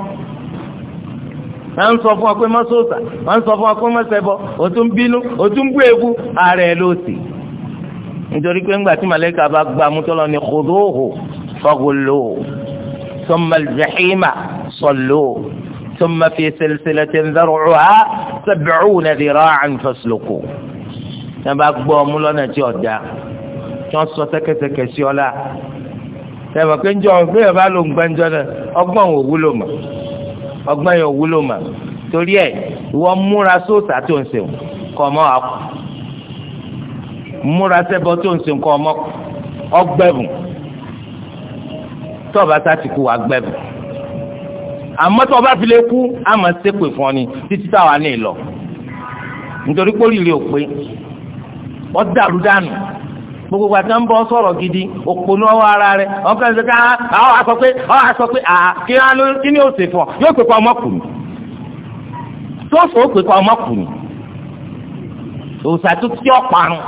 S1: wọ́n ń sọ fún ọ pé mọ́sọ́ọ̀sà wọ́n ń sọ fún ọ pé mọ́sẹ̀bọ òtún bínú òtún bú ewu ààrẹ ló sì nítorí pé ńgbà tí màlẹ́kà bá gba mútọ́lọ́ ni kòdóòhò fọ́gòlò sọmọlẹ́hìmà sọlọ́ọ̀ ثم في سلسلة ذرعها سبعون ذراعا فاسلكوا نبا gbọ́ ọmú lọ́nà tí ọ̀dà tí wọ́n sọ tẹ́kẹ́tẹ́kẹ́ sí ọlá tẹ́wọ̀ pé njọ́ ọ̀gbẹ́ yẹn bá ló ń gbẹ́njọ́ náà ọgbọ́n ò wúlò mà ọgbọ́n yẹn ò wúlò mà torí ẹ̀ ìwọ múra sóòtà tó ń sèwọ̀n kọ́ ọmọ àkọ́ múra sẹ́bọ̀ tó ń sèwọ̀n kọ́ ọmọ ọgbẹ́bùn tọ́ọ̀bá sá ti kú wa gbẹ́bùn àmọ́ tó o bá fi lè kú a máa ṣépè fún ọ ni títí táwa ní ìlọ nítorí pé oríire ò pé ọ dàrú dànù gbogbo àti ń bọ sọ̀rọ̀ gidi òpònú ọwọ́ ara rẹ̀ ọkàn ṣe ká ọ àsọ pé ọ àsọ pé kí ni ó ṣe fún ọ yóò pè pa ọmọkùnrin tó fò ó pè pa ọmọkùnrin òòsà tó tí ọ̀parun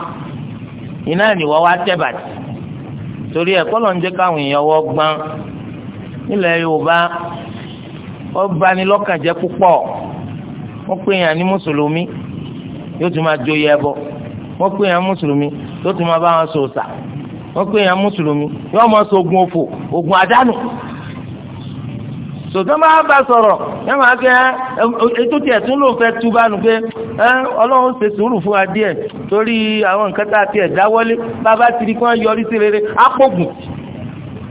S1: iná ìníwọ́ wa tẹ́bàtì torí ẹ̀kọ́ lọ́n káwọn èèyàn wọ́ gbọ́n nílẹ̀ Yorùbá ó bani lọ́kàn jẹ́ púpọ̀ wọ́n pè yàn ní mùsùlùmí yóò tún máa joyè ẹbọ wọ́n pè yàn mùsùlùmí yóò tún máa bá wọn sòòsà wọ́n pè yàn mùsùlùmí yóò máa sọ ogun òfò ogun àdánù sòtọ́ máa bá sọ̀rọ̀ ẹ máa kẹ́ ètò tiẹ̀ tún ló fẹ́ tú bá nu pé ọlọ́run ṣe sùúrù fún wa díẹ̀ torí àwọn nǹkan tá a tiẹ̀ dáwọ́lé bàbá ti kí wọ́n yọrí sí rere ápògùn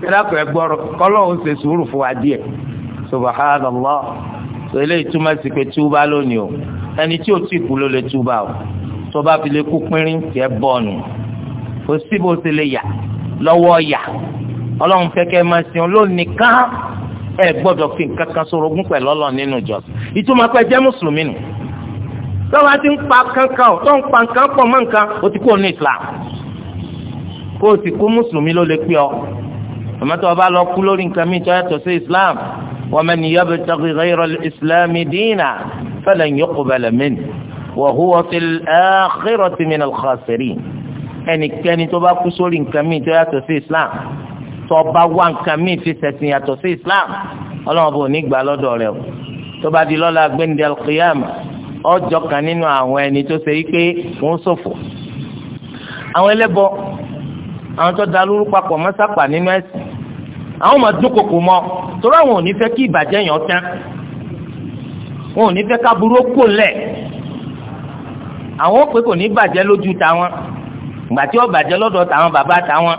S1: ìdákùn ẹgbọ́rọ̀ kọ́lọ́run ṣe sùúrù fún wa díẹ̀ subahánàlá sọlẹ ìtumọ̀ sí pé túbá lónìí o ẹni tí o ti kú ló lè túbá o tó bá fi lè kú pínrín tiẹ̀ bọ́ọ̀nù kò sí bó ti lè yà lọ́wọ́ yà ọlọ́run fẹ́kẹ́ máa sìn lónìí ká ẹ gbọ́dọ̀ fi nǹkan kan sorogún pẹ̀lú ọlọ́run nínú ìjọsìn ìtumọ̀ pé jẹ́ mùsùlùmí nù tọ́wọ́ ti ń pa kankan o tó ń pa nǹkan pọ̀ mọ́ nǹkan o ti kú òní Islam kó o sì kú mùsùlùmí ló lè pé ọ àmọ́ tó Islam ومن يبتغي غير الإسلام دينا فلن يقبل منه وهو في الآخرة من الخاسرين ẹnikẹ́ni tó bá kú sórí nǹkan míì tó yàtọ̀ sí islam tó bá wá nǹkan míì fi ṣẹ̀sìn yàtọ̀ sí islam ọlọ́run bò ní gbà lọ́dọ̀ rẹ̀ o tó bá di lọ́la gbẹ̀ndẹ̀ alqiyama ọjọ́ kan nínú àwọn ẹni tó ṣe wípé wọ́n ṣòfò. àwọn ẹlẹ́bọ àwọn tó da lóru papọ̀ mọ́sápà nínú ẹ̀sìn àwọn máa dúnkokò mọ́ torí àwọn ò ní fẹ́ kí ìbàjẹ́ yẹn tán wọn ò ní fẹ́ ká burú kò lẹ̀ àwọn ò pé kò ní bàjẹ́ lójú tàwọn ìgbà tí ó bàjẹ́ lọ́dọ̀ tàwọn bàbá tàwọn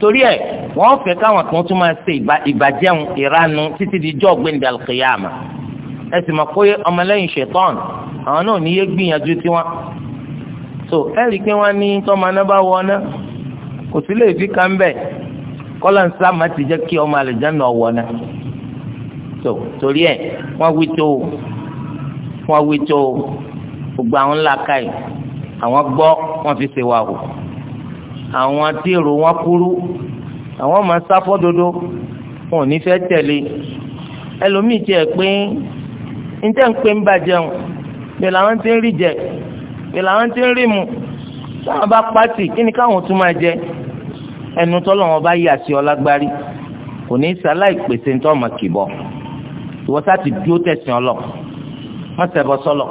S1: torí ẹ̀ wọ́n fẹ́ káwọn kan tún máa ṣe ìbàjẹ́hun ìranu títí di jọ́ gbẹ̀ndẹ̀ alkiyama ẹ sì mọ̀ pé ọmọlẹ́yìn ṣetán àwọn náà ní yé gbìyànjú tiwọn so ẹ rí i pé wọ́n ní tọ́mọ náà bá wọ náà kò sí lè fi kan bẹ́ẹ̀ kọ́lá ń sáàmà ti jẹ́ kí ọmọ àlùjáná ọ̀wọ́ náà tó torí ẹ̀ wọ́n wí tó wọ́n wí tó gbogbo àwọn ńlá káyì àwọn gbọ́ wọ́n fi ṣe wà o àwọn tí èrò wọn kúrú àwọn máa sáfọ́ dodo wọn ò ní fẹ́ tẹ̀lé ẹlòmíì tiẹ̀ pé njẹ́ ń pè ń bàjẹ́ o bí làwọn ti ń rí jẹ bí làwọn ti ń rí mu táwọn pàtì kí ni káwọn tún máa jẹ ẹnu tọ́lọ́wọ́n bá yà sí ọ lágbárí kò ní sáláì pèsè nítorí ọmọ kìbọ ìwọ ti dúró tẹ̀sán ọlọ má sọlọ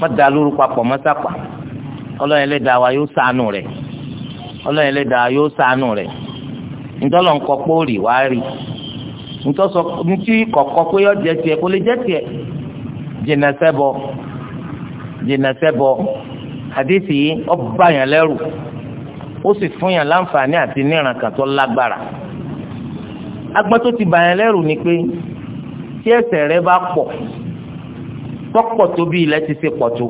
S1: má da lóru papọ̀ má sápà ọlọ́yìn lè da wa yóò rẹ̀ ọlọ́yìn da wa yóò rẹ̀ wá rí kọ̀kọ́ pé yọ jẹ́ tiẹ̀ kó lè ó sì fún yàn láǹfààní àti níran kan tó lágbára agbọ́n tó ti bàyàn lẹ́rù ni pé tí ẹ̀ṣẹ̀ rẹ bá pọ̀ tọ́pọ̀ tó bí ilẹ̀ ti ṣe pọ̀ tó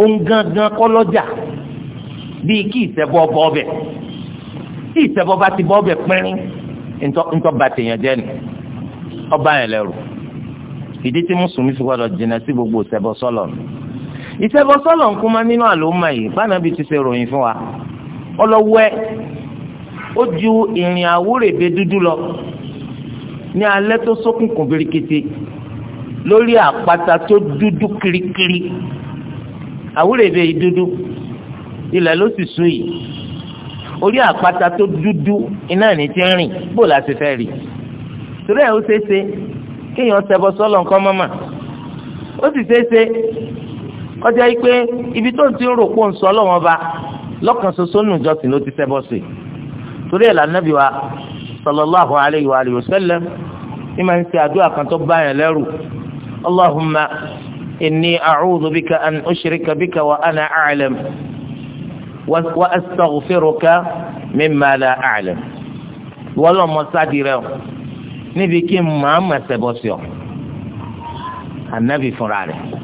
S1: ohun gangan kọ́ lọ́jà bíi kí ìṣẹ́bọ bọ́ ọbẹ̀ tí ìṣẹ́bọ bá ti bọ́ ọbẹ̀ pínrín ńtọ́ ba tèèyàn jẹ́ ni ọba yẹn lẹ́rù ìdí tí mùsùlùmí fi gbọ́dọ̀ jìnnà sí gbogbo ìṣẹ́bọ sọ́lọ̀ ìṣẹ́bọsọ́lọ̀ ń kú mọ́ nínú àlòmọ́ yìí bánàbí ti ṣe ròyìn fún wa ọlọ́wẹ́ ó ju ìrìn àwúrèbe dúdú lọ ní alẹ́ tó ṣókùnkùn birikiti lórí àpáta tó dúdú kirikiri àwúrèbe yìí dúdú ilẹ̀ ló sì sún yìí orí àpáta tó dúdú iná ní ti rìn bó la ṣe fẹ́ rí torí ẹ̀ ó ṣeé kéèyàn ṣẹbọ sọ́lọ̀ nǹkan mọ́mọ́ ó sì ṣeé kọjá yìí pé ibi tó ń ti rò pọ̀ ń sọ ọlọ́wọ́n ba lọ́kàn ṣoṣo nù jọ́sìn ló ti ṣẹbọ sí torí ẹ̀ lànàbí wa sallallahu alayhi wa alihi wa sallam ní máa ń ṣe àdúrà kan tó bá yẹn lẹ́rù allahumma inni a'udhu bika an ushrika bika wa ana a'lam wa astaghfiruka mimma la a'lam wọ́n lọ́ mọ sáàdì o níbi kí n máa ma ṣẹbọ sí ọ ànábì fúnra rẹ̀.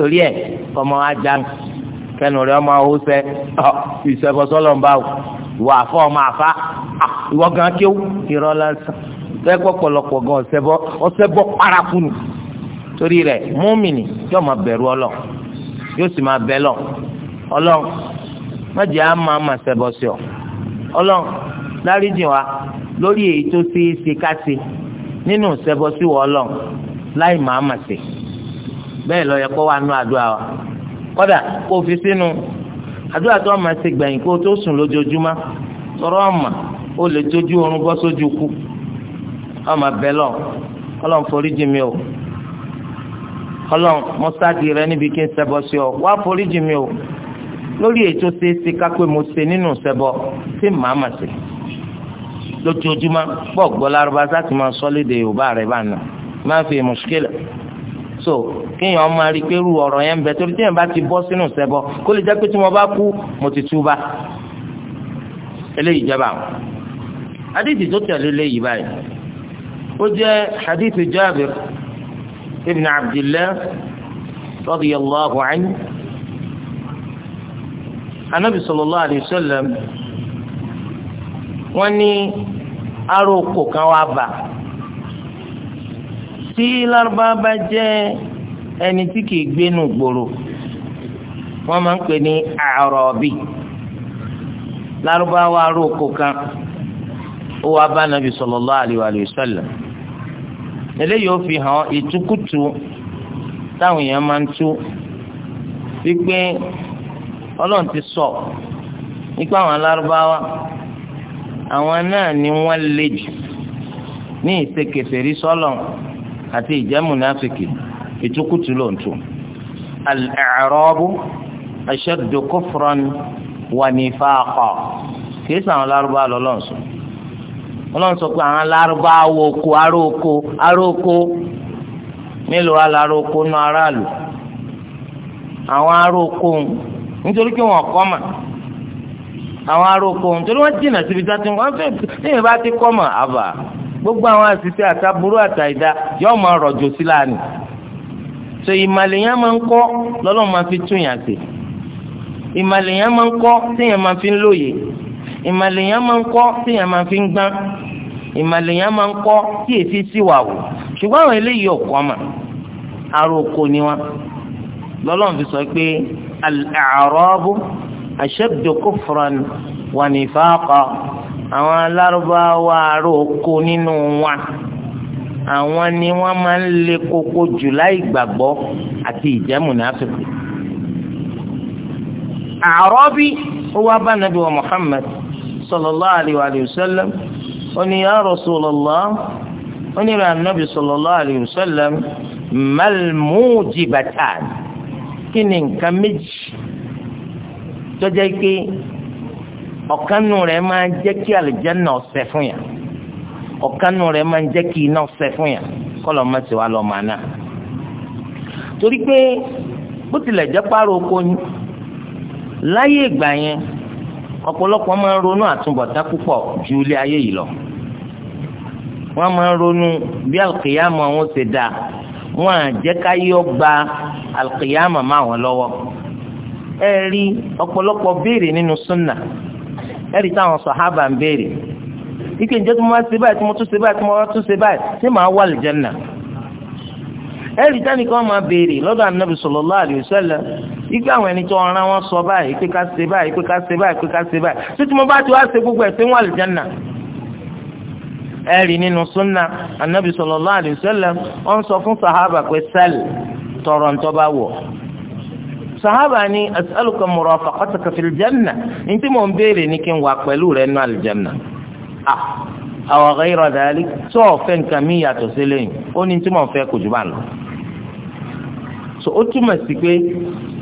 S1: torí ẹ̀ kọ́mọ ajá kẹnu rẹ̀ ọmọ ahósẹ́ ọ ìṣẹ́bọsọ́lọ̀ ń bá o ìwà àfọ ọmọ àfa ìwọ gan kí ó irọ́ lásán fẹ́ pọ̀pọ̀lọpọ̀ gan ọ̀sẹ̀bọ ọ̀sẹ̀bọ paraku ni torí rẹ̀ múmìnì yóò máa bẹ̀rù ọlọ́ yóò sì máa bẹ̀ lọ ọlọ́ mọ̀jẹ̀ á máa máa ṣẹbọ sí ọ ọlọ́ dáríjì wa lórí èyí tó ṣe é ṣe ká ṣe nínú ṣẹbọ sí wọ́ ọlọ́ láì máa máa ṣe bẹ́ẹ̀ lọ yẹ kó wà nù àdúrà wa kódà kó fi sínú àdúrà tó máa ṣe gbẹ̀yìn kó tó sùn lójoojúmọ́ tọrọ ọmọ ó lè tójú oorun bọ́ sójú kú ọmọ bẹ́ẹ̀ lọ ọlọ́run foríjì mi o ọlọ́run mọ́sáàdì rẹ níbi kí n ṣẹbọ sí ọ wá foríjì mi o lórí ètò ṣeéṣe kápẹ́ mo ṣe nínú ṣẹbọ tí màá mà ṣe lójoojúmọ́ pọ̀ gbọ́ lárúbá sáà ti máa sọ léde yorùbá rẹ̀ bá nà má fi mùṣkílà so kéèyàn máa rí i pé irú ọ̀rọ̀ yẹn ń bẹ torí téèyàn bá ti bọ́ sínú sẹ́bọ kó lè jẹ́ pé tí mo bá kú mo ti túbà eléyìí jẹba àwọn hadithi tó tẹ̀lé léyìí báyìí ó jẹ́ hadithi Jabir ibn Abdillah radiyallahu anhu anabi sallallahu alayhi wa sallam wọ́n ní aróko kan wá bá a. tí lárúbá bá jẹ́ ẹni tí kìí gbénu gbòòrò wọn máa ń pè ní àrọ̀bì lárúbáwá aróko kan ó wá bá nàbì sallallahu alaihi wa eléyìí ó fi hàn ìtukùtù táwọn èèyàn máa ń tú wípé ọlọ́run sọ nípa àwọn alárúbáwá àwọn náà ni wọ́n lè àti ìjẹ́ múnáfìkì ìtukùtù ló ń tún.
S2: al-i'rabu
S1: ashaddu kufran wa nifaqa kìí sàn lárúbá lọ́lọ́sọ ọlọ́sọ pé àwọn lárúbá wo oko aróko aróko mélòó aláróko nù aráàlú àwọn aróko nítorí kí wọn kọ́ mà àwọn aróko nítorí wọn jìnnà síbi tá a ti wọn fẹ́ẹ́ bí ẹ bá ti kọ́ mà àbà gbogbo àwọn àṣìṣe àtàbúrú àtàìdá yóò máa rọ̀jò sí láàánì so ìmàlẹ̀ yẹn máa ń kọ́ lọ́lọ́run máa fi tún yàn sí ìmàlẹ̀ yẹn máa ń kọ́ téèyàn máa fi ń lóye ìmàlẹ̀ yẹn máa ń kọ́ téèyàn máa fi ń gbọ́n ìmàlẹ̀ máa ń kọ́ tí èsì sì wà wò ṣùgbọ́n àwọn eléyìí ọ̀kọ́ mà ara ni wọn lọ́lọ́run fi sọ pé al-a'rabu ashaddu kufran wa nifaqa àwọn alárúbáwá aróko nínú wa àwọn ni wọ́n máa ń le koko jù láì gbàgbọ́ àti ìjẹ́mùnáfíkì. àrọ́bí ó wá bá nàbí wa Muhammad sallallahu alayhi wa sallam ó ní ya Rasulullah ó nàbí sallallahu alayhi wa sallam malmujibatan kí ni nǹkan méjì tó jẹ́ ọ̀kan nù rẹ̀ máa ń jẹ́ kí àlùjánnà ọ̀sẹ̀ fún yà ọ̀kan nù rẹ̀ máa ń jẹ́ kí iná ọ̀sẹ̀ fún yà kọ́lọ̀ má ti wá lọ màá náà. torí pé bó tilẹ̀ jẹ́ pààrọ̀ oko yín láyé ìgbà yẹn ọ̀pọ̀lọpọ̀ máa ń ronú àtúbọ̀tán púpọ̀ ju ilé ayé yìí lọ wọ́n máa ń ronú bí alùkìyàmọ̀ àwọn ṣe dà wọ́n à jẹ́ ká gba alùkìyàmọ̀ máa wọn lọ́wọ́ ẹ rí ọ̀pọ̀lọpọ̀ béèrè nínú súnnà. ẹ̀rí táwọn sọ̀hábà ń béèrè ike ǹjẹ́ tí mo máa ṣe báyìí tí mo tún ṣe báyìí tí mo tún ṣe báyìí ṣé màá wà lìjẹ́nà ẹ̀rí táni kan máa béèrè lọ́dọ̀ anabi sallallahu alaihi wasallam ike àwọn ẹni tó ọ̀ràn wọn sọ báyìí pé ká ṣe báyìí pé ká ṣe báyìí pé ká ṣe báyìí ṣé tí mo bá ti wá gbogbo tọrọ ń tọ́ sahaba ni as'aluka murafaqataka fil janna ntí mò ń béèrè ní kí n wà pẹ̀lú rẹ̀ nínú aljanna ah aw ghayra dhalik tó ọ̀fẹ́ nǹkan mi yàtọ̀ sí lẹ́yìn ó ní tí so ó túmọ̀ sí pé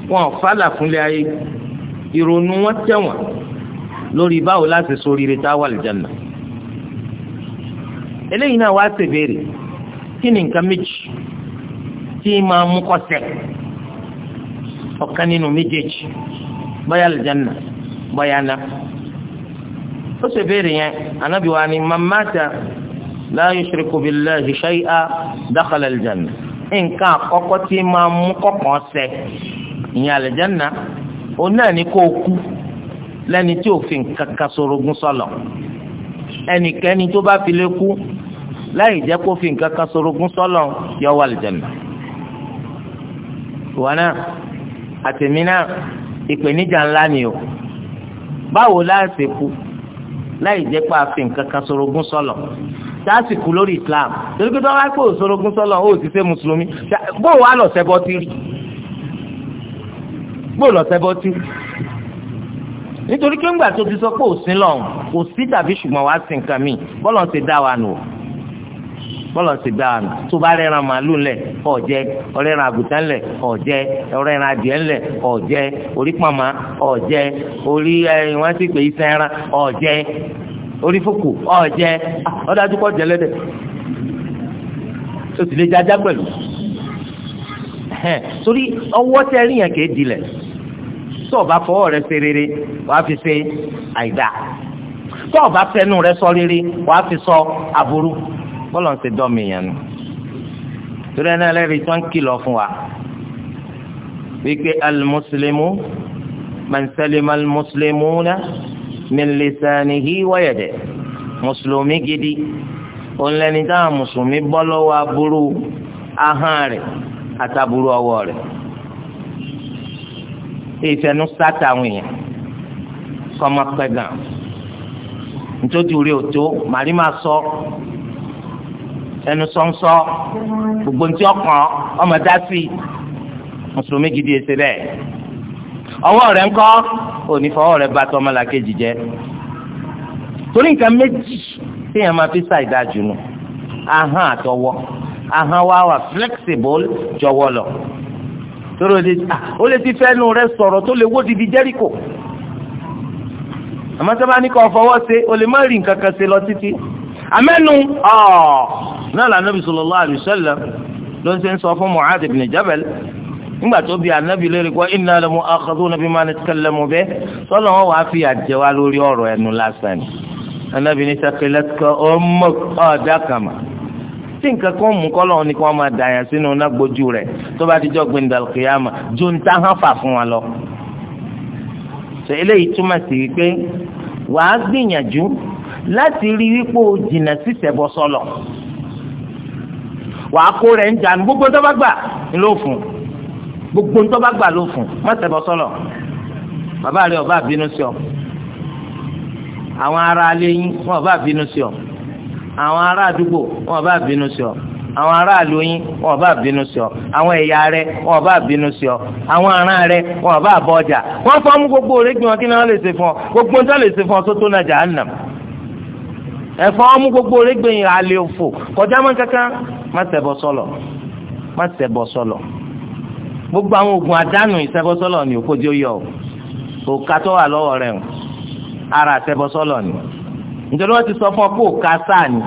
S1: wọn ò fàlà fúnlẹ̀ ayé ìrònú wọn tẹ̀wọ̀n lórí báwo láti ṣoríire tá a wà aljanna eléyìí náà wá ṣèbéèrè kí ni nǹkan méjì tí ọ̀kan nínú méjèèjì bóyá àlùjánnà bóyá ná ó sì béèrè yẹn anábì wa ni man mata la yushriku billahi shay'an dakhala àlùjánnà nǹkan àkọ́kọ́ tí máa mú kọ̀ọ̀kan ṣẹ ìyẹn àlùjánnà òun náà ní kó o kú lẹ́ni tí òfin kankan sorogún sọ̀lọ̀ ẹnikẹ́ni tó bá fi kú láì jẹ́ kó fi sorogún sọ̀lọ̀ yọ wọ àlùjánnà. ìwà náà àtẹ̀mí náà ìpèníjà ńlá ni o báwo la ṣe kú láì jẹ́ pé a fi nǹkan kan sorogún sọ̀lọ̀ sáàsì kú lórí Islam torí pé tọ́lá pé òsorogún sọ̀lọ̀ ó sì ṣe mùsùlùmí bó wàá lọ sẹ́bọ́ tí rí bó lọ sẹ́bọ́ tí rí nítorí pé ńgbà tó ti sọ pé òsín lọ́hùn kò sí tàbí ṣùgbọ́n wàá sin nǹkan mi bọ́lọ̀ ń ṣe dá wa nù bọ́lọ̀ sì dáànù tó bá rẹran màálù ńlẹ̀ ọ̀jẹ́ ọ̀rẹ́ran àgùntàn ńlẹ̀ ọ̀jẹ́ ọ̀rẹ́ran adìẹ ńlẹ̀ ọ̀jẹ́ orí pàmà ọ̀jẹ́ orí ẹ̀yìn wọ́n ti pè é sẹ́ran ọ̀jẹ́ orí fòkù ọ̀jẹ́ ọ̀dájú ah, kọ́ jẹ́ lẹ́dẹ̀ tó sì lè jájá pẹ̀lú torí ọwọ́ tẹ́ rí yẹn kéé dilẹ̀ tó o bá fọwọ́ rẹ ṣe rere wàá fi ṣe àìdá tó o bá fẹnu rẹ sọ rere wàá fi sọ aburú bọ́lọ̀ ń ṣe dọ́mi yẹn nu torí ẹni ẹlẹ́rìí tó ń kìlọ̀ fún wa wípé alimusilimu mansalima alimusilimuna minlisanihi wayẹ̀dẹ̀ mùsùlùmí gidi ònlẹ́ni táwọn mùsùlùmí bọ́ lọ́wọ́ aburú ahọ́n rẹ̀ àtàbúrú ọwọ́ rẹ̀ ìfẹ̀nú sátàwọn èèyàn kọ́mọ pẹ́gàn nítorí orí òtó màrí máa sọ. So, ẹnu sọ́nsọ́ gbogbo ntí ọkàn ọmọ dá sí mùsùlùmí gidi ẹsẹ bẹ́ẹ̀ ọwọ́ rẹ̀ ńkọ́ òní fọwọ́ rẹ̀ bá tọmọ làkejì jẹ torí nǹkan méjì téèyàn máa fi ṣàìdá jù nù ahọ́n àtọwọ́ ahọ́n wa wà flexible jọ̀wọ́ lọ torí o ah, lè ti fẹ́nu rẹ̀ sọ̀rọ̀ tó lè wó di bí jẹ́ríkò àmọ́ sábà ní kò fọwọ́ ṣe o lè má rí nǹkan kan ṣe lọ títí. amẹ́nu ọ̀ náà la sallallahu alayhi ló ń ṣe ń sọ fún ibn nígbà tó bi anabi lérí kó inna la mu'akhadhuna bima natakallamu bih na wọn wàá fi àjẹ wa lórí ọ̀rọ̀ ẹnu lásán anabi ní sakilatka ummuk ọ̀dà kàmá tí nǹkan kan mú kọ́ lọ́wọ́ ni kí wọ́n máa dàyàn sínú náà gbójú rẹ̀ tó bá gbendal ju ń ta hàn fà fún wa lọ. sọ eléyìí túmọ̀ sí wípé láti rí wípé o jìnnà sí ṣẹbọ sọlọ wàá kó rẹ̀ ń jànú gbogbo tó bá gbà ló fún gbogbo tó bá gbà ló fún má ṣẹbọ sọlọ bàbá rẹ̀ ọba àbínú sí ọ àwọn ará alé yín wọn ọba àbínú sí ọ àwọn ará àdúgbò wọn ọba àbínú sí ọ àwọn aráàlú yín wọn ọba àbínú sí ọ àwọn ẹ̀yà rẹ wọn ọba àbínú sí ọ àwọn aràn rẹ wọn ọba àbọ ọjà wọn fọwọ́n mú gbogbo orégbé wọn kí ni wọ́n lè ṣe fún ọ gbogbo ń tọ́ lè ṣe fún ọ tó tó náà jà á nà. ẹ̀fọn ọmú gbogbo orégbèyìn àlè òfò kọjá mọ́ kankan má ṣẹbọ sọlọ má gbogbo àwọn oògùn àdánù ìṣẹbọ sọlọ ni òkòjó yọ o òkà tó wà lọ́wọ́ rẹ̀ ara àṣẹbọ sọlọ ni nítorí wọ́n ti sọ fún ọ pé òkà sáà ni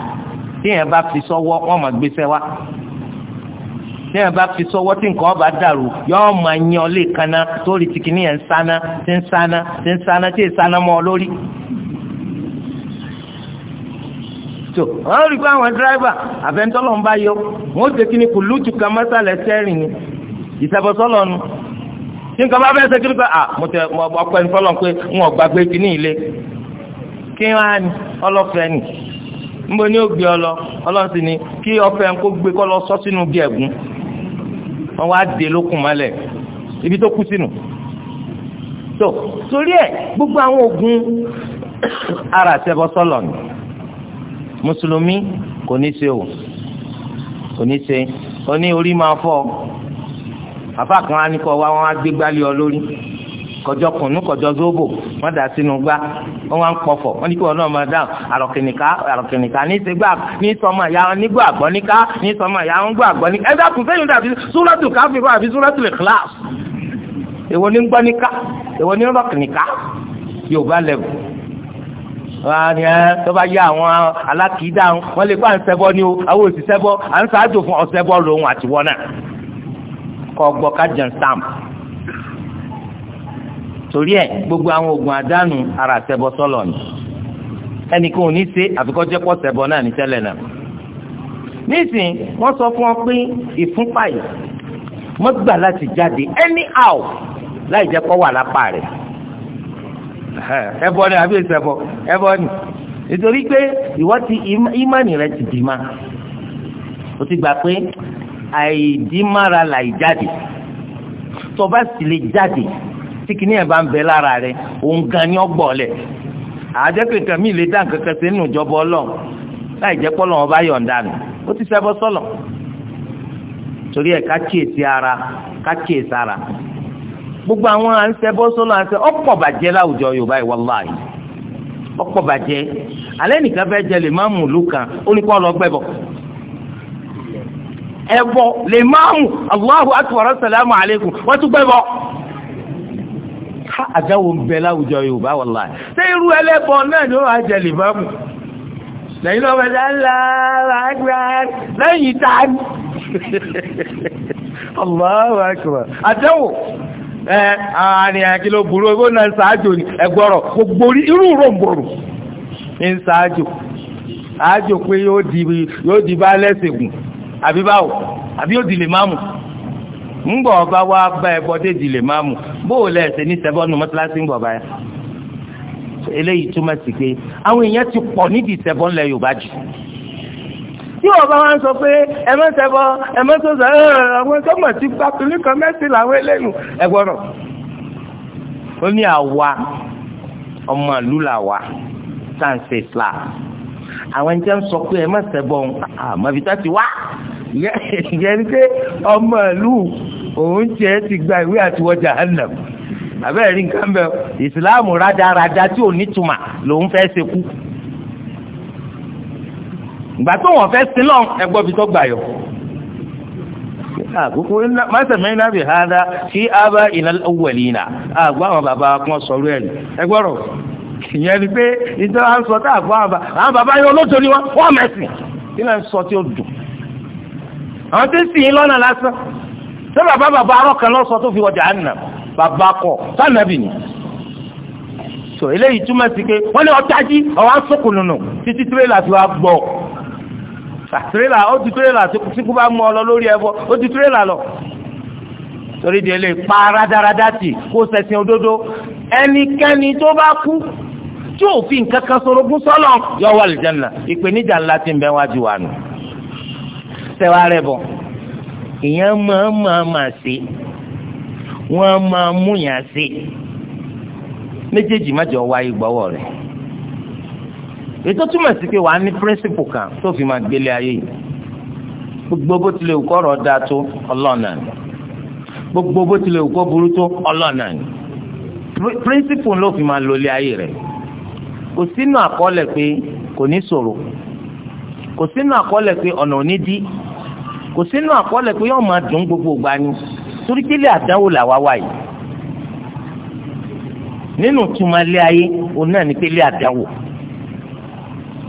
S1: tí yẹn bá fi sọ́wọ́ wọ́n máa gbéṣẹ́ wá tí yẹn bá fi sọ́wọ́ tí nǹkan ọba dàrú yọ́ọ́ máa yan ọ lè kaná torí tìkìní yẹn ń sáná tí ń sáná tí ń sáná mọ́ ọ lórí. so wọ́n rí pé àwọn dírẹ́fà àfẹ́ńtọ́lọ́ ń bá yọ wọ́n ṣe kí ni kùlùtù kan mọ́sálẹ̀ sẹ́rìn ni nu kí nǹkan bá fẹ́ ṣe kí ni pé à mo tẹ ọpẹ́ ní fọlọ́n pé wọn kí ní ilé kí wọ́n á ní ọlọ́fẹ́ nì ni ó ọ ni ibi tó kú sínú torí gbogbo àwọn ara sọlọ mùsùlùmí kò ní ṣe o kò ní ṣe o ní orí máa fọ́ àfa kan á ní kọ wá wọn á gbé gbálẹ̀ ọ lórí kọjọ kùnú kọjọ zóbò wọn dà sínú gbá wọn wá ń pọfọ wọn ní kí wọn náà máa dáhùn àròkìnìká àròkìnìká ní ti gbà ní sọmọ ìyá wọn nígbà àgbọ̀nìká ní sọmọ ìyá wọn gbà àgbọ̀nìká ẹ dákun sẹ́yìn dàbí súrọ́tù káfíńkà àbí súrọ́tù lẹ́kìláàsì èwo ní gbọ́nìká èwo ní rọ́kìnìká Yorùbá lẹ́bù wọ́n á tó bá yá àwọn alákìídá wọn lè kó à ń ṣẹbọ ni o àwọn òsì ṣẹbọ à ń ṣáájò fún ọ̀ṣẹbọ lòun àtiwọ́ náà kọ́ gbọ́ kájà ń stamp torí ẹ gbogbo àwọn oògùn àdánù ara ṣẹbọ sọlọ ni ẹnìkan ò ní ṣe àfikọ́jẹ́ pọ̀ ṣẹbọ náà ní tẹ́lẹ̀ náà nísìn wọ́n sọ fún ọ pé ìfúnpá yìí wọ́n gbà láti jáde anyhow láì jẹ́ kó wà lápá rẹ̀ ẹbọ ni àbí èsì ẹbọ ẹbọ ni nítorí pé ìwọ ti ìmánì rẹ ti dìímà o ti gbà pé àìdímára là ìjáde tó bá sì lè jáde tí kìnìún ẹ̀ bá ń bẹ lára rẹ òun gan ni ó gbọ́ lẹ̀ àjẹpẹ̀ nǹkan mi lè dá nǹkan kẹsẹ̀ nínú ìjọba ọlọ́run láì jẹ́ pọ́lọ́ wọn bá yọ̀ǹda nù ó ti ṣẹbọ sọ́lọ̀ torí ẹ̀ ká kíyèsí ara ká kíyèsí ara gbogbo àwọn à ń sẹ bọ́sọ́lọ́ à ń láwùjọ yorùbá yìí nìkan jẹ lè má mú kan ó ní kó lọ gbẹ́bọ ẹ̀bọ lè má mú Allahu akbar assalamu alaikum wọ́n tún gbẹ́bọ ká ń bẹ láwùjọ yorùbá ṣé irú náà ni ó jẹ lè má mú a ẹ àárín àkí ló burú ẹ gbọ́dọ̀ ń ṣáájò ni ẹgbọ́rọ̀ gbogbo irú ròǹbòrò ń ṣáájò àájò pé yóò di bá lẹ́sẹ̀gùn àbí àbí yóò di lè máàmù ńgbọ̀ ọba wa bá ẹ bọ́ lè máàmù bóò lẹ́sẹ̀ ní sẹ́bọ́nù mọ́tíláṣí ń bọ̀ eléyìí túmọ̀ sí pé ti pọ̀ nídìí tí wọ́n bá wá ń sọ pé ẹmọ́sẹ̀bọ ẹmọ́sọ̀sọ̀ àwọn sọ́mọ̀ tí pápẹ́lú kan mẹ́sì làwọn eléyìí ẹ̀gbọ́nà. ó ní àwa ọmọ ìlú làwa sáǹsì Islam àwọn ẹni tí wọ́n sọ pé ẹmọ́sẹ̀bọ àmọ́bitá ti wá yẹn ní pé ọmọ ìlú òun tiẹ̀ ti gba ìwé àtiwọ́jà hànàm àbẹ́rẹ́ nǹkan bẹ́ẹ̀ ìsìláàmù rádaràda tí ò ní tuma lòun fẹ́ ṣekú ìgbà tó wọ́n fẹ́ sin lọ ẹgbọ́ fi tó gbà yọ. àkókò mọ́sẹ̀mẹ́ iná bì hádá sí ábá ìnà awwalina àgbà àwọn bàbá kan sọ̀rọ̀ ẹ̀rù ẹgbọ́rọ̀ ìyẹn ni pé ìjọba ń sọ tá àgbà àwọn bàbá yẹn olóòtú ni wọ́n wọ́n mẹ́sìn kí ló ń sọ tí ó dùn. àwọn tí ń sìn yín lọ́nà lásán ṣé bàbá bàbá arọ́kan lọ́sọ tó fi wọ jahannam bàbá kọ sànàbì ni so eléyìí túmọ̀ sí pé wọ́n ní ọ̀tájí ọ̀wá sókùnùnù tírélà ó ti tírélà síkú bá mú ọ lọ lórí ẹbọ ó ti tírélà lọ torí di ẹlẹ́yìn pa rádaràdá tì kó sẹ̀sìn òdodo ẹnikẹ́ni tó bá kú tí òfin kankan sorogún sọ́lọ̀ yọ wà lìjánà ìpèníjà ńlá ti ń bẹ wájú wa nù sẹ́wàá rẹ̀ bọ̀ ìyẹn máa máa máa ṣe wọ́n máa múyàn ṣe méjèèjì má jọ wáyé gbọ́wọ́ rẹ̀ ètò túmọ̀ sí pé wàá ní pírẹ́sìpù kan tó fi máa gbélé ayé yìí gbogbo bó tilẹ̀ òkú ọ̀rọ̀ dáa tó ọlọ́ọ̀nà ni gbogbo bó tilẹ̀ òkú burú tó ọlọ́ọ̀nà ni pírẹ́sìpù ló fi máa lólé ayé rẹ̀ kò sínú àkọọ́lẹ̀ pé kò ní sọ̀rọ̀ kò sínú àkọọ́lẹ̀ pé ọ̀nà ò ní dí kò sínú àkọọ́lẹ̀ pé yóò máa dùn gbogbo gbani torí kí ilé àdánwò làwa wà yìí nínú túmọ̀ ilé ayé òun náà ní pé àdánwò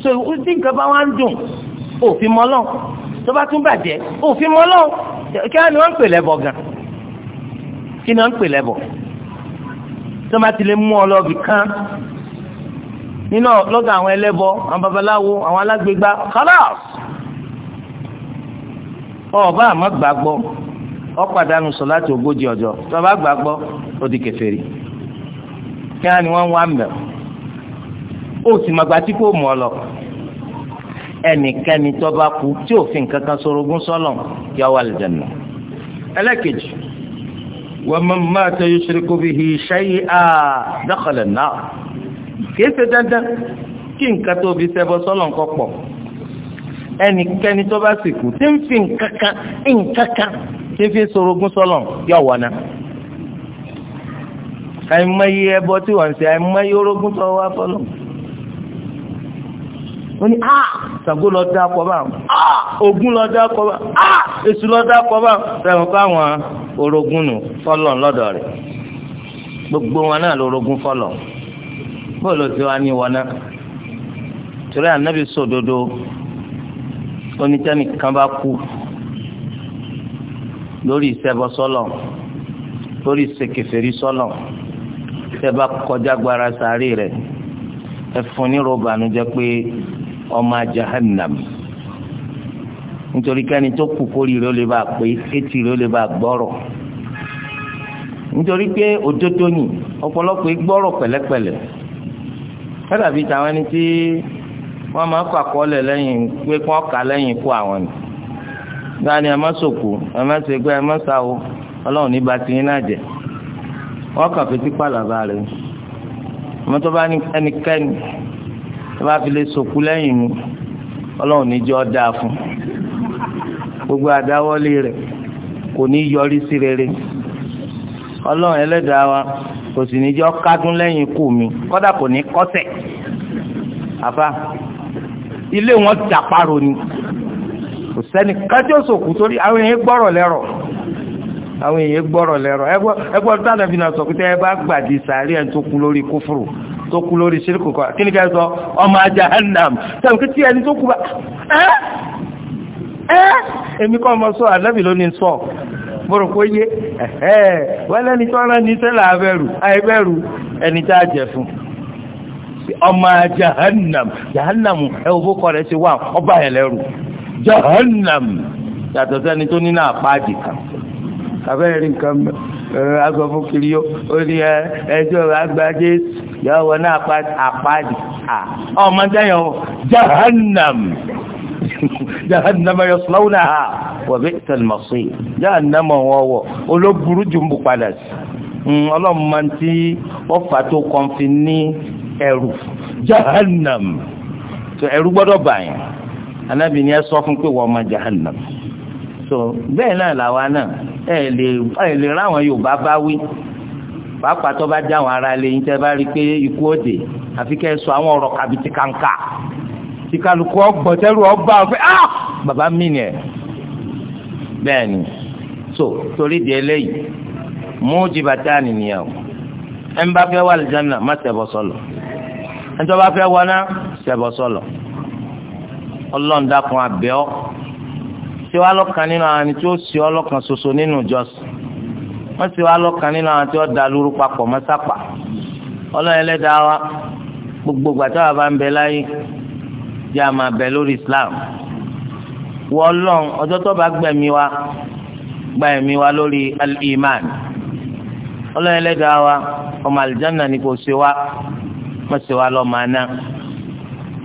S1: so o tí nǹkan bá wá ń dùn òfin mọ́lọ́ tó bá tún bàjẹ́ òfin mọ́lọ́ kí á ní wọ́n ń pè lẹ́bọ̀ gan kí ni wọ́n ń pè lẹ́bọ̀ tó bá ti lè mú ọ lọ́ọ̀bì kan nínú lọ́gà àwọn ẹlẹ́bọ àwọn babaláwo àwọn alágbègbà kálọ́ọ̀s ọba àmọ́ gbàgbọ́ ọ̀pàdánù sọ láti ogójì ọjọ́ tó bá gbàgbọ́ ó di kèfèrí kí á ní wọ́n wá mẹ́ o sì màgbà tí kò mọ̀ ọ lọ ẹnikẹ́ni tó bá kú tí òfin kankan sorogún sọ́lọ̀ yọ wà lìjẹ̀nà. ẹlẹ́kejì wa man mata yushriku bihi shay'an dakhala an-nar kìí ṣe dandan kí nǹkan tó fi ṣẹbọ sọ́lọ̀ nǹkan pọ̀ ẹnikẹ́ni tó bá sì kú tí ń fi nǹkankan nǹkankan tí fi sorogún sọ́lọ̀ yọ wọ̀ náà àìmọye ẹbọ tí wọ́n ń ṣe àìmọye orogún tó wá fọ́lọ̀ wọ́n ní ah Ṣàngó lọ dá kọ ah Ogun lọ dá kọ ah Èṣù lọ dá kọ bá sẹ́wọ̀n kọ́ àwọn orogún nù fọlọ̀ lọ́dọ̀ rẹ̀ gbogbo wọn náà lorogún fọlọ̀ bóòlù tí wàá ní wọn náà torí ànábì sòdodo onítẹ́nì kan bá kú lórí ìṣẹ́bọ sọ́lọ̀ lórí ìṣèkèfèrí sọ́lọ̀ tẹ́ bá kọjá gbára sàárè rẹ̀ ẹ fún ní pé ọmọ jahannam nítorí kẹ́ni tó kù kórìíra ó lè bá pé etí rẹ̀ ó lè bá gbọ́rọ̀ nítorí pé òdodo ni ọ̀pọ̀lọpọ̀ gbọ́rọ̀ pẹ̀lẹ́pẹ̀lẹ́ fẹ́rẹ̀ àbí tàwọn ẹni tí wọ́n máa kọ àkọọ́lẹ̀ lẹ́yìn pé kí wọ́n kà lẹ́yìn ikú àwọn ni gbani ẹ má sòkò ẹ má ṣègbè ẹ má sáwó ọlọ́run ní ba tiyín náà jẹ wọ́n kà fi tipa làbá rẹ̀ mọ́tò bá ní ẹnikẹ́ni tí fi lè sòkú lẹ́yìn mi dáa fún gbogbo àdáwọ́lé rẹ̀ kò ní yọrí sí rere ọlọ́run ẹlẹ́dàá wa kò sì níjọ́ kádún lẹ́yìn mi kọ́dà kò ní kọ́ṣẹ̀ àbá ilé wọn dàparò ni kò sẹ́ni kájọ́ sòkú torí àwọn èèyàn gbọ́rọ̀ lẹ́rọ̀ àwọn èèyàn gbọ́rọ̀ lẹ́rọ̀ ẹgbọ́n tó náà sọ pé tẹ́ ẹ bá gbàdí tó kú lórí ṣírkù kọ kí ni ká sọ ọmọ jahannam tàbí kí tí ẹni tó kú bá ẹ́ ẹ́ èmi kọ́ ọmọ sọ ànábì lónìí sọ bọ́rọ̀ kó yé ẹ̀ẹ́ wọ́n lẹ́ni tó rán ní sẹ́là abẹ́rù àìbẹ́rù ẹni tá a jẹ fún ọmọ jahannam jahannam ẹ wo bó kọ rẹ ṣe ọba yẹn jahannam yàtọ̀ sẹ́ni tó nínú àpáàdì kan abẹ́rẹ́ nǹkan ẹ̀ agbọ̀fún kiri ó ní ẹ ẹjọ́ àgbà yọ wọ náà àpáàdì ọmọ jẹyọ jahannam jahannam yọ sọlọ́wọ́n náà wọ́n bí tẹlifasọ́ yìí jahannam wọ́n wọ́ olóburú jù ń bù padà sí hmm, ọlọ́run máa ń tí wọ́n fà tó kàn fi ní ẹ̀rù jahannam tó ẹ̀rù gbọ́dọ̀ bàyàn anábì ni ẹ sọ fún pé wọ́n máa jahannam tó bẹ́ẹ̀ náà làwa náà ẹ̀ lè ráwọn Yorùbá bá wí pàápàá tó bá dá àwọn ará ilé yín tẹ́ bá rí i pé ikú òde àfi kẹ́ ẹ sọ àwọn ọ̀rọ̀ kàbìtì kàǹkà tí kálukú ọgbọ̀n tẹ́rù ọba ọ̀fẹ́ ah baba mi nìyẹn bẹ́ẹ̀ ni so torí di eléyìí mú jìbàtà nìyẹn o ẹ̀ ń bá fẹ́ wà lìjánà má ṣẹbọ sọlọ ẹ̀ ń tó bá fẹ́ wọná ṣẹbọ sọlọ ọlọ́run dákun àbẹ́ọ́ tí wàá lọ́kàn nínú àwọn ẹni tí ó sì ọlọ́kàn ṣoṣo nínú ìjọsìn wọ́n sì wá lọ́kàn nínú àwọn tí wọ́n da lóru papọ̀ mọ́ sápà ọlọ́run ẹlẹ́dàá wa gbogbo gbàtà wà bá ń bẹ láyé jẹ́ àmà bẹ lórí islam wọ́n lọ́n ọjọ́ tó bá gbẹ̀mí wa gbẹ̀mí wa lórí al-iman ọlọ́run ẹlẹ́dàá wa ọmọ àlìjáná ni kò ṣe wá wọ́n ṣe wá lọ́ọ́ máa ná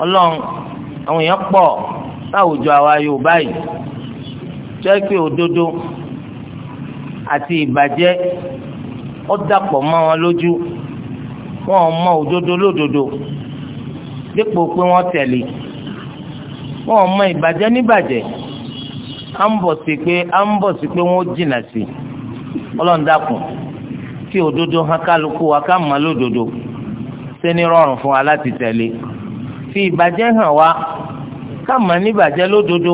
S1: ọlọ́run àwọn èèyàn pọ̀ láwùjọ àwa Yorùbá yìí jẹ́ pé òdodo àti ìbàjẹ́ ó dàpọ̀ mọ́ wọn lójú wọn ò mọ òdodo lódodo dípò pé wọ́n tẹ̀lé wọn ò mọ ìbàjẹ́ níbàjẹ́ à ń bọ̀ sí pé à ń bọ̀ sí pé wọ́n jìnnà sí ọlọ́ọ̀dàkùn kí òdodo hàn kálukú wa ká mọ̀ lódodo ṣe ní rọrùn fún wa láti tẹ̀lé fi ìbàjẹ́ hàn wá ká mọ̀ níbàjẹ́ lódodo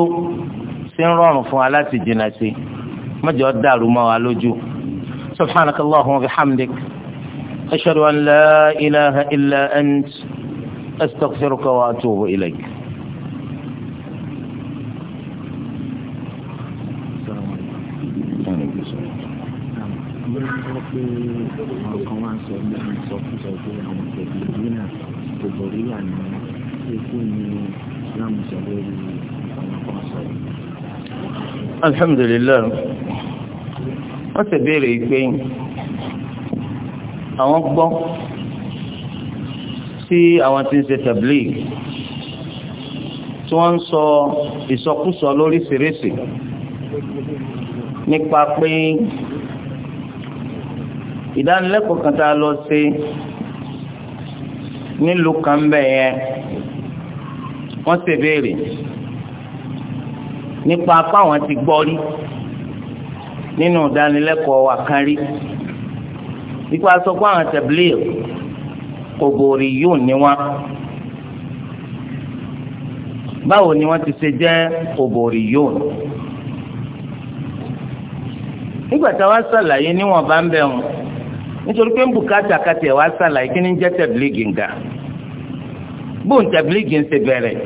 S1: ṣe ń rọrùn fún wa láti jìnnà sí mọ́jọ́ dàrú mọ́ wa lójú subhanaka allahumma wa bihamdik ashhadu an la ilaha illa ant astaghfiruka wa atubu ilayk. pé
S2: àwọn kan wá ń sọ ní ìsọkúsọ pé àwọn pẹ̀lú ìdínà kò borí àná ikú ni islam sọ lórí àwọn kan sọ. alhamdulilayi.
S1: wọ́n sì béèrè pé àwọn gbọ́ sí àwọn tí ń ṣe tablig tí wọ́n ń sọ ìsọkúsọ lóríṣiríṣi nípa pé ìdánilẹ́kọ̀ọ́ kan tá a lọ sí nílùú kan bẹ́ẹ̀ yẹn wọ́n sì béèrè nípa apá àwọn ti gbọ́ rí. nínú ìdánilẹ́kọ̀ọ́ wa kan rí ipa sọ pé àwọn tẹ̀blíl kò bòrí yóò ní wọn báwo ni wọn ti ṣe jẹ kò bòrí yóò nígbà táwa ṣàlàyé níwọ̀n bá ń bẹ̀ wọn nítorí pé ń bùkátà kàtẹ́ wa ṣàlàyé kí ni jẹ́ tẹ̀blíl gíga bóun tẹ̀blíl gíga ń ṣe bẹ̀rẹ̀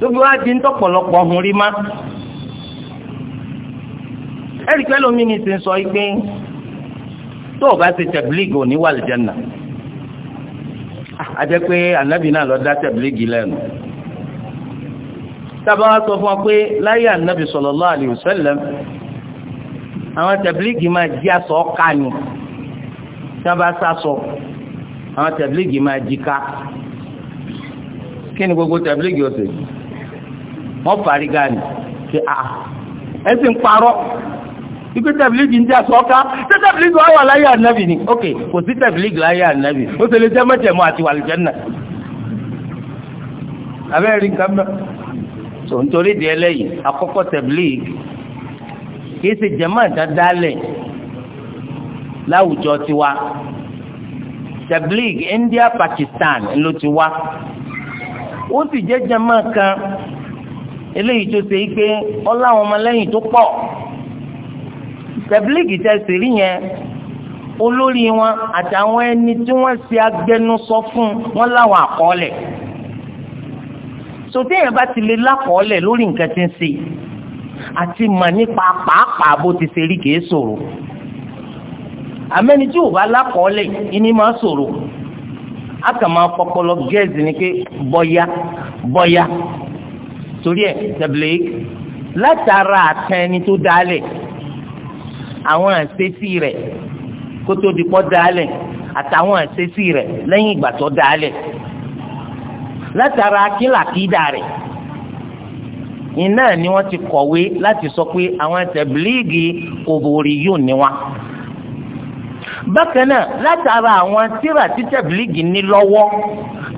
S1: tóbi wá di ń tọ̀pọ̀lọpọ̀ rí má. ẹ̀rí pẹ́ lómi ni sì ń sọ pé tó o bá ṣe tẹ̀blígì ò ní wà lìjẹ́nà a jẹ́ pé ànábì náà lọ dá tẹ̀blígì lẹ́nu tábà wá sọ fún wa pé láyé ànábì sallallahu alaihi wasallam àwọn tẹ̀blígì máa jí aṣọ ọ̀ka ni tí wọ́n bá sásọ àwọn tẹ̀blígì máa jí ká kí ni gbogbo tẹ̀blígì ọ̀sẹ̀ wọ́n fàrígà ni ṣe àà ẹ̀sìn parọ́ ipe tẹ̀blígì ń jẹ́ àsọ́ká ṣé tẹ̀blígì wà wà láyé ànábì ni ok kò sí tẹ̀blígì láyé ànábì ó ṣe lè jẹ́ mẹ́tẹ̀mọ́ àti wàlìjẹ́nà abẹ́rẹ́ nǹkan mẹ́ tó nítorí di ẹlẹ́yìí àkọ́kọ́ tẹ̀blígì kì í ṣe jẹ́mọ́ ìdádálẹ̀ láwùjọ tiwa tẹ̀blígì India Pakistan ló ti wá ó sì jẹ́ jẹ́mọ́ kan eléyìí tó ṣe é pé ọláwọn ọmọlẹ́yìn tó pọ̀ tẹ̀blígì tẹ̀sí rí yẹn olórí wọn àtàwọn ẹni tí wọ́n ṣe agbẹnusọ fún wọn láwọn àkọọ́lẹ̀ sòtéèyàn bá ti lè lákọọ́lẹ̀ lórí nǹkan tí ń ṣe àti mọ̀ nípa pàápàá bó ti ṣe rí kìí ṣòro àmẹ́ni tí ò bá lákọọ́lẹ̀ ìní máa ṣòro a kàn máa pọpọlọ gẹ́ẹ̀sì ni pé bọ́yá bọ́yá torí ẹ̀ tẹ̀blígì látara àtẹni tó dálẹ̀ àwọn àṣesí rẹ̀ kó tó di pọ́ dálẹ̀ àtàwọn àṣesí rẹ̀ lẹ́yìn ìgbà tó dálẹ̀ látara kílàkídà rẹ̀ iná ni wọ́n ti kọ̀wé láti sọ pé àwọn tẹ̀blíìgì kòbòrì yóò ní wa bákan náà látara àwọn tíra tí tẹ̀blíìgì ní lọ́wọ́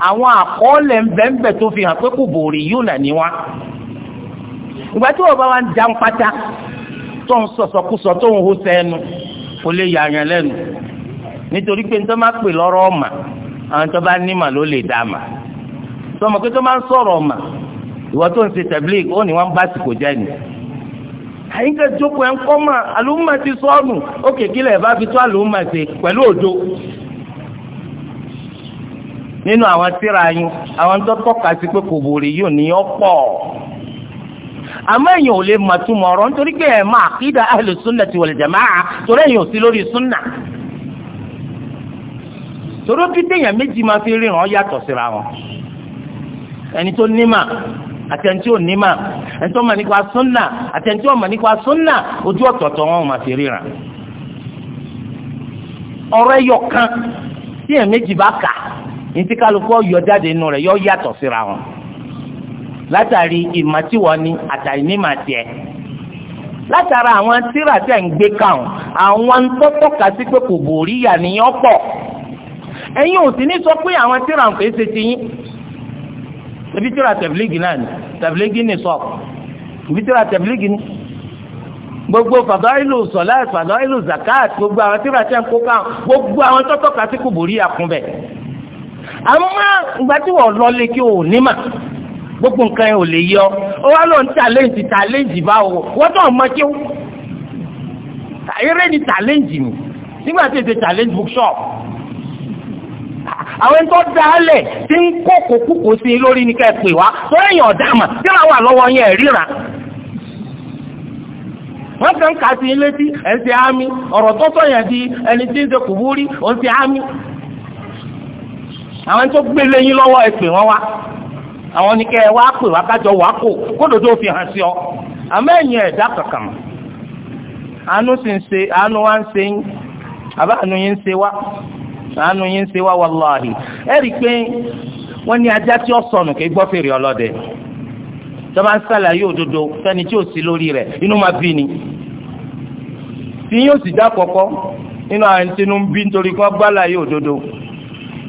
S1: àwọn àkọọ́lẹ̀ ńbẹ́ńbẹ́ tó fi hàn pé kòbòrì yóò nà ní wa ìgbà tí wọ́n bá wa ń jan pátá tó ń sọ̀sọ̀kúsọ tó ń hó sẹ́nu kò lè yà yàn lẹ́nu nítorí pé nítorí máa pè lọ́rọ̀ ọ̀mà àwọn tó bá nímà ló lè dá mà sọmọ pé tó máa ń sọ̀rọ̀ ọ̀mà ìwọ tó ń ṣe tẹ̀blík ó ní wọ́n bá sìkò jẹ́ ni àyíká jókòó ẹ̀ ń kọ́ mà àlùmọ̀ ti sọ́ọ̀nù ó kékeré bá fi tó àlùmọ̀ ṣe pẹ̀lú òjò nínú àwọn yín àwọn tó tọ́ka sí pé yóò ní àmọ́ èèyàn ò lè mọ̀ túmọ̀ ọ̀rọ̀ nítorí pé ẹ̀ máa àkídà ahlu sunnati wal jamaa torí èèyàn ò sí lórí súnà torí bí téèyàn méjì máa fi ríran yàtọ̀ síra wọn ẹni tó nímà àti ẹni tí ò nímà ẹni tó mọ̀ nípa súnà àti ẹni tí ò mọ̀ nípa súnà ojú ọ̀tọ̀ọ̀tọ̀ wọn máa fi ríran ọ̀rọ̀ ẹyọ kan téèyàn méjì bá kà ní tí kálukú ọ̀yọ́ látàrí ìmọ̀tíwọ́ ni àtàrí mímọ̀ tiẹ̀ látara àwọn tíra tẹ̀ ń gbé kàún àwọn tó tọ́ka sí pé kò bòrí yà níyàn pọ̀ ẹ̀yin ò sì ní sọ pé àwọn tíra ń pèsè ti yín ibi tíra tẹ̀blígì náà ni tẹ̀blígì ni sọ ibi tíra tẹ̀blígì ni gbogbo fàdọ́ìlù sọ̀láàt fàdọ́ìlù zakat gbogbo àwọn tíra tẹ̀ ń kó kàún gbogbo àwọn tó tọ́ka sí kò bòrí yà kún bẹ̀ àmọ́ ìgbà tí kí o ò ní mà gbogbo nǹkan ẹ̀ ò lè yọ ó wá lóun tàlẹ́ǹtì tàlẹ́ǹtì báwo wọ́n tó ọmọ kí ó eré ni tàlẹ́ǹtì mi nígbà tí ètò tàlẹ́ǹtì bookshop àwọn tó dálẹ̀ tí ń kó kókókó sí lórí ní kẹ́ẹ̀pẹ̀ wá tó ẹ̀yìn ọ̀dàmà tí wọ́n wà lọ́wọ́ yẹn ríran wọ́n kàn ká sí létí ẹ̀ ámì ọ̀rọ̀ tó sọ̀yàn di ẹni tí ń ṣe kùbúrí ó ń ámì àwọn tó gbélé yín lọ́wọ́ ẹ̀pẹ̀ wọn wá. àwọn oníkẹ́ wá pè wá kájọ wá kò kódòdó fi hàn sí ọ àmọ́ ẹ̀dá kankan àánú sì ń àánú ń àbá àánú yín ń wá àánú yín ń ṣe wá wàláhì pé wọ́n ní ajá tí ó sọnù kì í gbọ́ fèrè ọlọ́dẹ ni tí yóò sì dá kọ́kọ́ nínú àwọn ẹni tí inú ń bí nítorí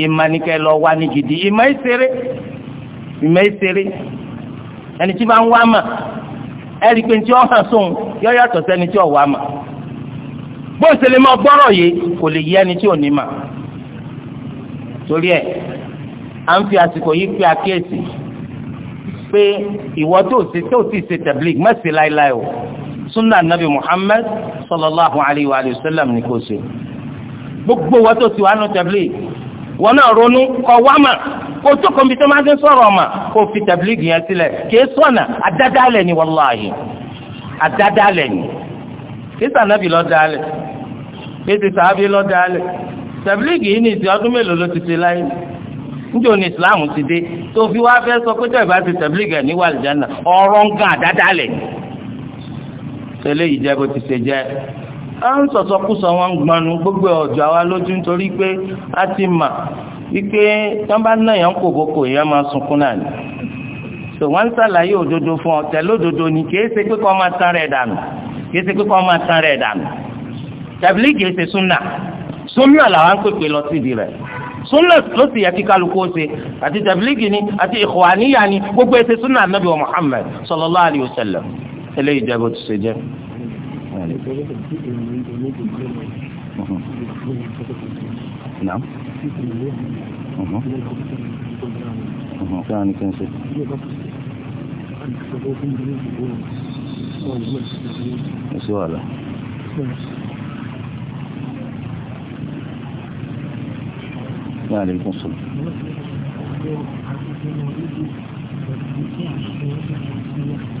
S1: ìmọ̀ ni kẹ́ lọ wá ní gidi ìmọ̀ ìṣeré ìmọ̀ ìṣeré ẹni tí bá ń wá mà ẹ̀rí pé tí ó hàn sóhun yọ yàtọ̀ sẹ́ni tí ò wá mà bó ṣe lè máa gbọ́rọ̀ yìí kò lè yí ẹni tí ò ní mà torí à ń fi àsìkò yìí pe àkíyèsí pé ìwọ tó ti tó ti ṣe má láéláé o sunna nabi muhammed sallallahu alayhi wa sallam ni kò ṣe gbogbo wa tó ti wà nù wọn náà ronú kọ wá mà kó tó kọ́mbi tó máa ń sọ̀rọ̀ mà kó fi tàbílíìgì yẹn sílẹ̀ kìí sọ̀nà àdádálẹ̀ ni wàláhì àdádálẹ̀ ni kìí sànàbì lọ́ọ́ dálẹ̀ kìí ti sàábì lọ́ọ́ dálẹ̀ tàbílíìgì yìí ní ìsìn ọdún mélòó ló ti ṣe láyé níjẹ́ òní ìsìláàmù ti dé tó fi wá fẹ́ sọ pé tẹ̀bá ti tàbílíìgì ẹ̀ ní wàlìjánà ọ̀rọ̀ ń gan àdádálẹ̀ tẹ́lẹ̀ yìí jẹ́ bó ti ṣe jẹ́ a ń sọ̀sọ̀kúsọ wọn ń gbanu gbogbo ọ̀jọ̀ àwa lójú nítorí pé a ti mà wípé tán bá náà yẹn ń kò bókò yẹn máa sunkún náà ni so wọ́n ń sàlàyé òdodo fún ọ tẹ̀lé òdodo ni kìí ṣe pé kọ́ máa tán rẹ̀ dànù kìí ṣe pé kọ́ máa tán rẹ̀ dànù tẹ̀bílì kìí ṣe súnà súnà làwọn pèpè lọ síbi rẹ̀ súnà ló sì yẹ kí kálukú ó ṣe àti tẹ̀bílì ni àti ìkọ̀wáníyà ni gbogbo ẹ̀ṣẹ̀ súnà nàbì wa Muhammad sallallahu alayhi wa sallam eléyìí
S2: عليكم يعني. نعم
S1: ثاني يعني كان شيء سؤاله
S2: عليكم السلام Thank you.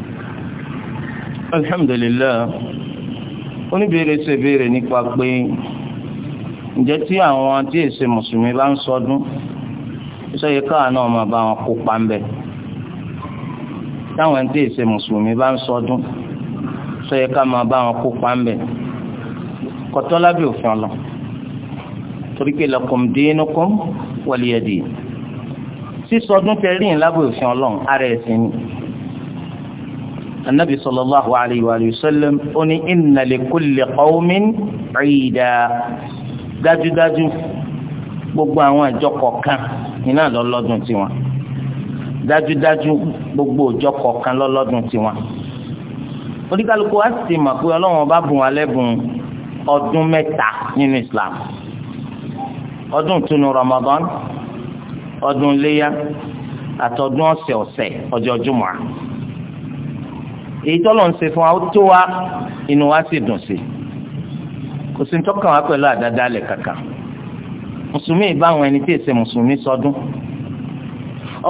S1: alhamdulilayi oníbèrè ṣe béèrè nípa pé ǹjẹ́ tí àwọn tí èsè mùsùlùmí bá ń sọdún sọyẹ káà náà máa bá wọn kópa ń bẹ táwọn tí èsè mùsùlùmí bá ń sọdún sọyẹ ká máa bá wọn kópa ń bẹ kọtọ́lábì òfin ọ̀lọ́ torí pé lakum dinukum waliya din sísọdún tẹ̀rí ìlábò òfin ọlọ́run ara ẹ̀sìn ni. النبي صلى الله عليه sallam ó ní inna li kulli qawmin ida dájúdájú gbogbo àwọn ìjọ kọ̀ọ̀kan iná lọ́lọ́dún tiwọn dájúdájú gbogbo ìjọ kọ̀ọ̀kan lọ́lọ́dún tiwọn oníkálukú wa sì mà pé ọlọ́run bá bùn alẹ́ bùn ọdún mẹ́ta nínú islam ọdún tunu ramadan ọdún léyà àtọdún ọ̀sẹ̀ ọ̀sẹ̀ ọjọ́ jùmọ̀ èyí tọ́lọ̀ ń ṣe fún wa ó tó wa inú wa sì dùn sí kò sí tọ́kàn wa pẹ̀lú àdádálẹ̀ kàkà mùsùlùmí ìbáwọn ẹni tí èsè mùsùlùmí sọdún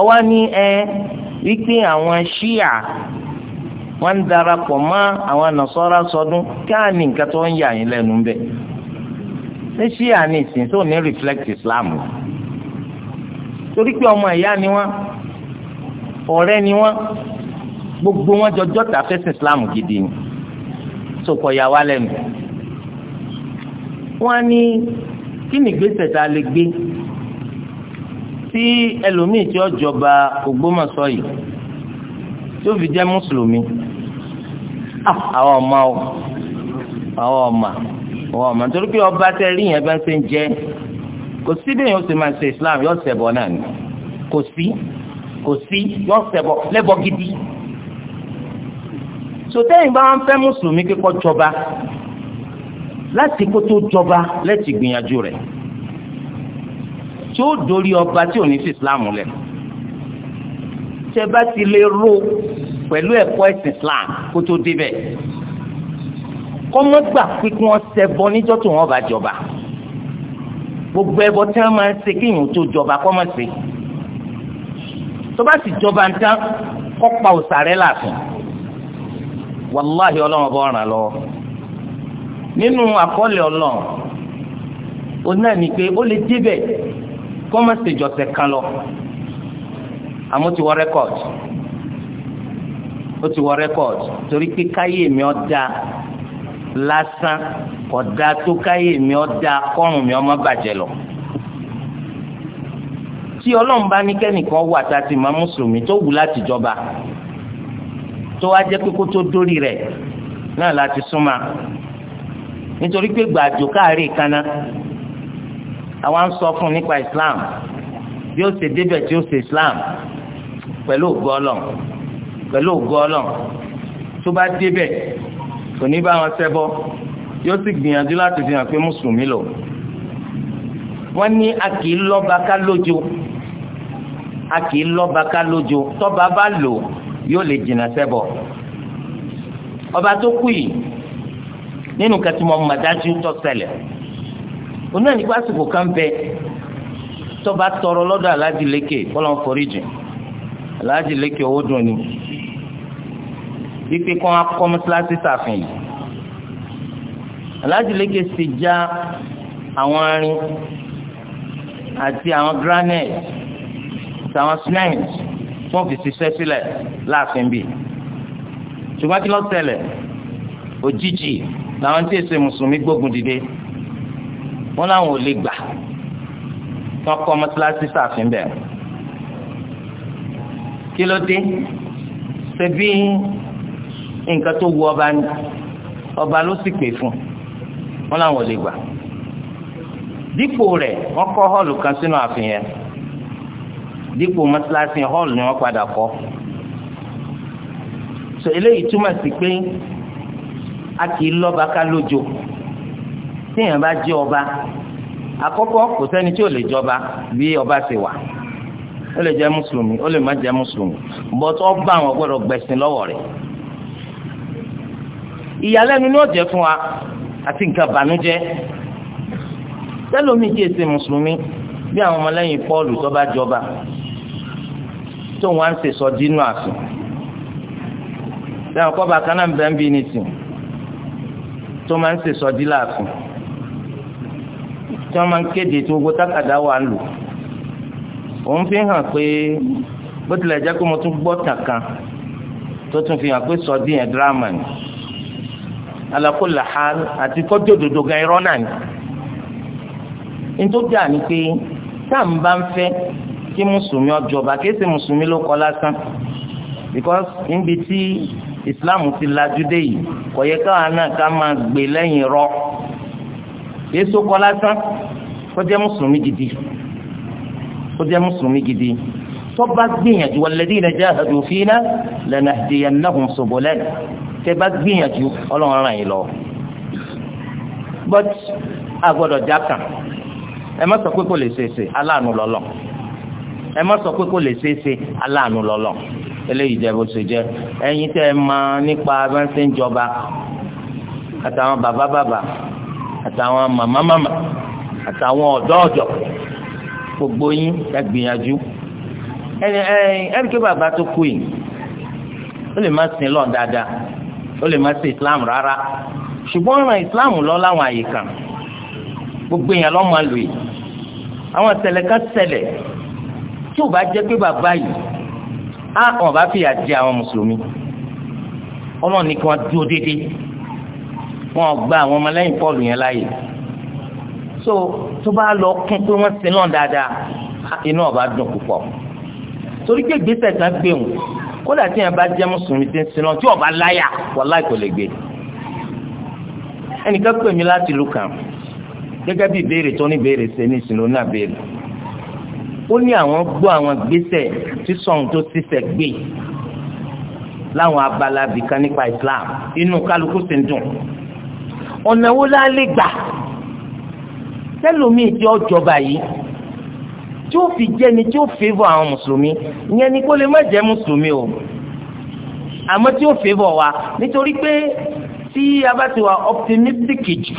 S1: ọwọ́ ní ẹ wípé àwọn ṣíà wọ́n ń darapọ̀ mọ́ àwọn nàṣọ́ra sọdún káàní nǹkan tó ń yà yín lẹ́nu bẹ́ẹ̀ ṣé ṣíà ní ìsìn tó ní reflect Islam torí pé ọmọ ìyá ni wọ́n ọ̀rẹ́ ni wọ́n gbogbo wọn jọjọ́ ta fẹ́sìn islam gidi ni sọkọ ya wa lẹ́nu wọn ní kí ni ìgbésẹ̀ tá a lè gbé tí ẹlòmíì tí ó jọba Ògbómọ̀ṣọ́ yìí tó fi jẹ́ mùsùlùmí ah, àwọn ọmọ o àwọn ọmọ àwọn ọmọ nítorí pé ọba tẹ rí yẹn bá ṣe ń jẹ kò sí bẹ́ẹ̀ yóò ṣe máa ṣe islam yóò ṣẹbọ náà ni kò sí kò sí yóò ṣẹbọ lẹ́bọ gidi sòtẹ́yìn bá wọn fẹ́ mùsùlùmí kíkọ́ jọba láti kó tó jọba lẹ́tì gbìyànjú rẹ̀ tí ó dorí ọba tí ò ní sí islam lẹ̀ tẹ́ bá ti lè ró pẹ̀lú ẹ̀kọ́ ẹ̀sìn islam kó tó débẹ̀ kọ́mọ́ gbà pé kí wọ́n ṣẹbọ níjọ́ tó wọ́n bá jọba gbogbo ẹbọ tí wọ́n máa ń ṣe kéèyàn tó jọba kọ́mọ́ tó bá sì jọba ń tán kọ́ pa òsàrẹ́ làásùn wàláhì ọlọ́run ọba ọ̀ràn lọ nínú àkọọ́lẹ̀ ọlọ́run ó náà ní pé ó lè débẹ̀ kó má ṣèjọsẹ̀ kan lọ àmọ́ ti wọ rẹ́kọ̀d ó ti wọ rẹ́kọ̀d torí pé káyé mi ọ́ da lásán kódà tó káyé mi ọ́ da kọ́rùn mi ọ́ bàjẹ́ lọ tí ọlọ́run bá ní kẹ́nìkan wà tá a ti máa mùsùlùmí tó wù láti jọba tó wá jẹ́ pé kó tó dórí rẹ̀ náà láti súnmọ́ nítorí pé gbàdúrà káàárẹ̀ kaná àwa sọ fún nípa Islam bí ó ṣe débẹ̀ tí ó ṣe Islam pẹ̀lú ògọ́lọ̀ pẹ̀lú ògọ́lọ̀ tó bá débẹ̀ kò ní bá wọn ṣẹbọ yóò sì gbìyànjú láti fi hàn pé mùsùlùmí lò wọ́n ní a kì í lọ́ba ká lójú a kì í lọ́ba ká lójú tọ́ba bá lò ó yóò lè jìnnà sẹ́bọ ọba tó kú yìí nínú kẹtùmọ̀ mọ̀dájú tó ṣẹlẹ̀ oní àníkó àsìkò kan bẹ tọba tọrọ lọ́dọ̀ aláàjì lékè kọ́lọ́n forí jìn aláàjì lékè owó dùn ni wípé kọ́n akọ́ mọ́sálásí sàfin lékè sì já àwọn arin àti àwọn granite àti àwọn cement wọ́n fi ṣiṣẹ́ sílẹ̀ láàfin bì ṣùgbọ́n kí ló ṣẹlẹ̀ òjijì làwọn tí èsè mùsùlùmí gbógun dìde wọ́n làwọn ò lè gbà wọ́n kọ́ mọ́tíláṣí sàfin bẹ̀ kí ló dé ṣe bí nǹkan tó wu ọba ni ọba ló sì pè fún wọ́n làwọn ò lè gbà dípò rẹ̀ wọ́n kọ́ họ́ọ̀lù kan sínú àfihàn dípò mọ́sálásí hall ni wọ́n padà kọ́ so eléyìí túmọ̀ sí pé a kì í lọ́ba ká lójo téèyàn bá jẹ́ ọba àkọ́kọ́ kò sẹ́ni tí ò lè jọba bí ọba ṣe wà ó lè jẹ́ mùsùlùmí ó lè má jẹ́ mùsùlùmí but ọba àwọn gbọ́dọ̀ gbẹ̀sìn lọ́wọ́ rẹ̀ ìyàlẹ́nu ni ó jẹ́ fún wa àti nǹkan bànújẹ́ tẹ́lómi kìí ṣe mùsùlùmí bí àwọn ọmọlẹ́yìn Pọ́ọ̀lù tó bá jọba tó wọn ń sèso dínú àsùn lẹ́yìn kọ́ba kaná bẹ́ẹ̀ ń bí ní tì tó máa ń sèso dín láàfin tí wọ́n máa ń kéde tí gbogbo tákàdá wà ń lò òun fi hàn pé bó tilẹ̀ jẹ́ pé mo tún gbọ́ tàn kan tó tún fi hàn pé sọ́dí yẹn dírámà ni alako làhá àti kọ́jú òdòdó gan irọ́ náà ni nítorí àní pé tá à ń bá ń fẹ́ kí mùsùlùmí ọjọba kí èsì mùsùlùmí ló kọ lásán because níbi tí islam ti lajú dé yìí kò yẹ káwa náà ká máa gbé lẹ́yìn rọ yéésù kọ lásán kó jẹ́ mùsùlùmí gidi kó jẹ́ mùsùlùmí gidi tó bá gbìyànjú walladhina jahadu fina lanahdiyannahum subulana tẹ́ bá gbìyànjú ọlọ́run ràn yín lọ but a gbọ́dọ̀ jákàn ẹ má sọ pé kò lè ṣe é ṣe aláàánú lọ́lọ́ ẹ má sọ pé kò lè ṣeé ṣe aláàánú lọ́lọ́ eléyìí jẹ́ bó ṣe jẹ́ ẹ̀yin tẹ́ ẹ mọ̀ nípa abẹ́ńsẹ̀ ń jọba àtàwọn bàbá bàbá àtàwọn màmá màmá àtàwọn ọ̀dọ́ ọ̀dọ́ gbogbo yín ẹ gbìyànjú ẹni ẹni ẹni bàbá tó kú yìí ó lè má sin lọ dáadáa ó lè má sin Islam rárá ṣùgbọ́n ọ̀ràn Islam lọ láwọn àyè kan gbogbo yẹn lọ́mọ àlùyè àwọn tẹ̀lẹ̀ ká tẹ̀lẹ̀ tí ò bá jẹ́ pé bàbá yìí á ọ̀ bá fìyà jẹ àwọn mùsùlùmí ọlọ́run ní kí wọ́n dúró déédéé wọ́n gba àwọn ọmọlẹ́yìn Pọ́ọ̀lù yẹn láàyè so tó bá lọ kún pé wọ́n sin náà dáadáa inú ọba dùn púpọ̀ torí pé ìgbésẹ̀ kan gbé wọn kódà tí yẹn bá jẹ́ mùsùlùmí tí ń sin náà tí ọba láyà wàláhì kò lè gbé ẹnìkan pè mí láti ìlú kan gẹ́gẹ́ bí ìbéèrè tó ní ìbéèrè ṣe ní ìsìn lónìí àbẹ̀rẹ̀ ó ní àwọn gbọ́ àwọn gbèsè tí sọ̀hún tó ti sẹ̀ gbé láwọn abala bìkan nípa Islam inú kálukú sì ń dùn ọ̀nà wo la lè gbà tẹ́lómi tí ó jọba yìí tí ó fi jẹ́ ni tí ó fẹ́vọ̀ àwọn mùsùlùmí ìyẹn ni kó lè má jẹ́ mùsùlùmí o àmọ́ tí ó fẹ́vọ̀ wa nítorí pé tí a bá ti wà optimistic jù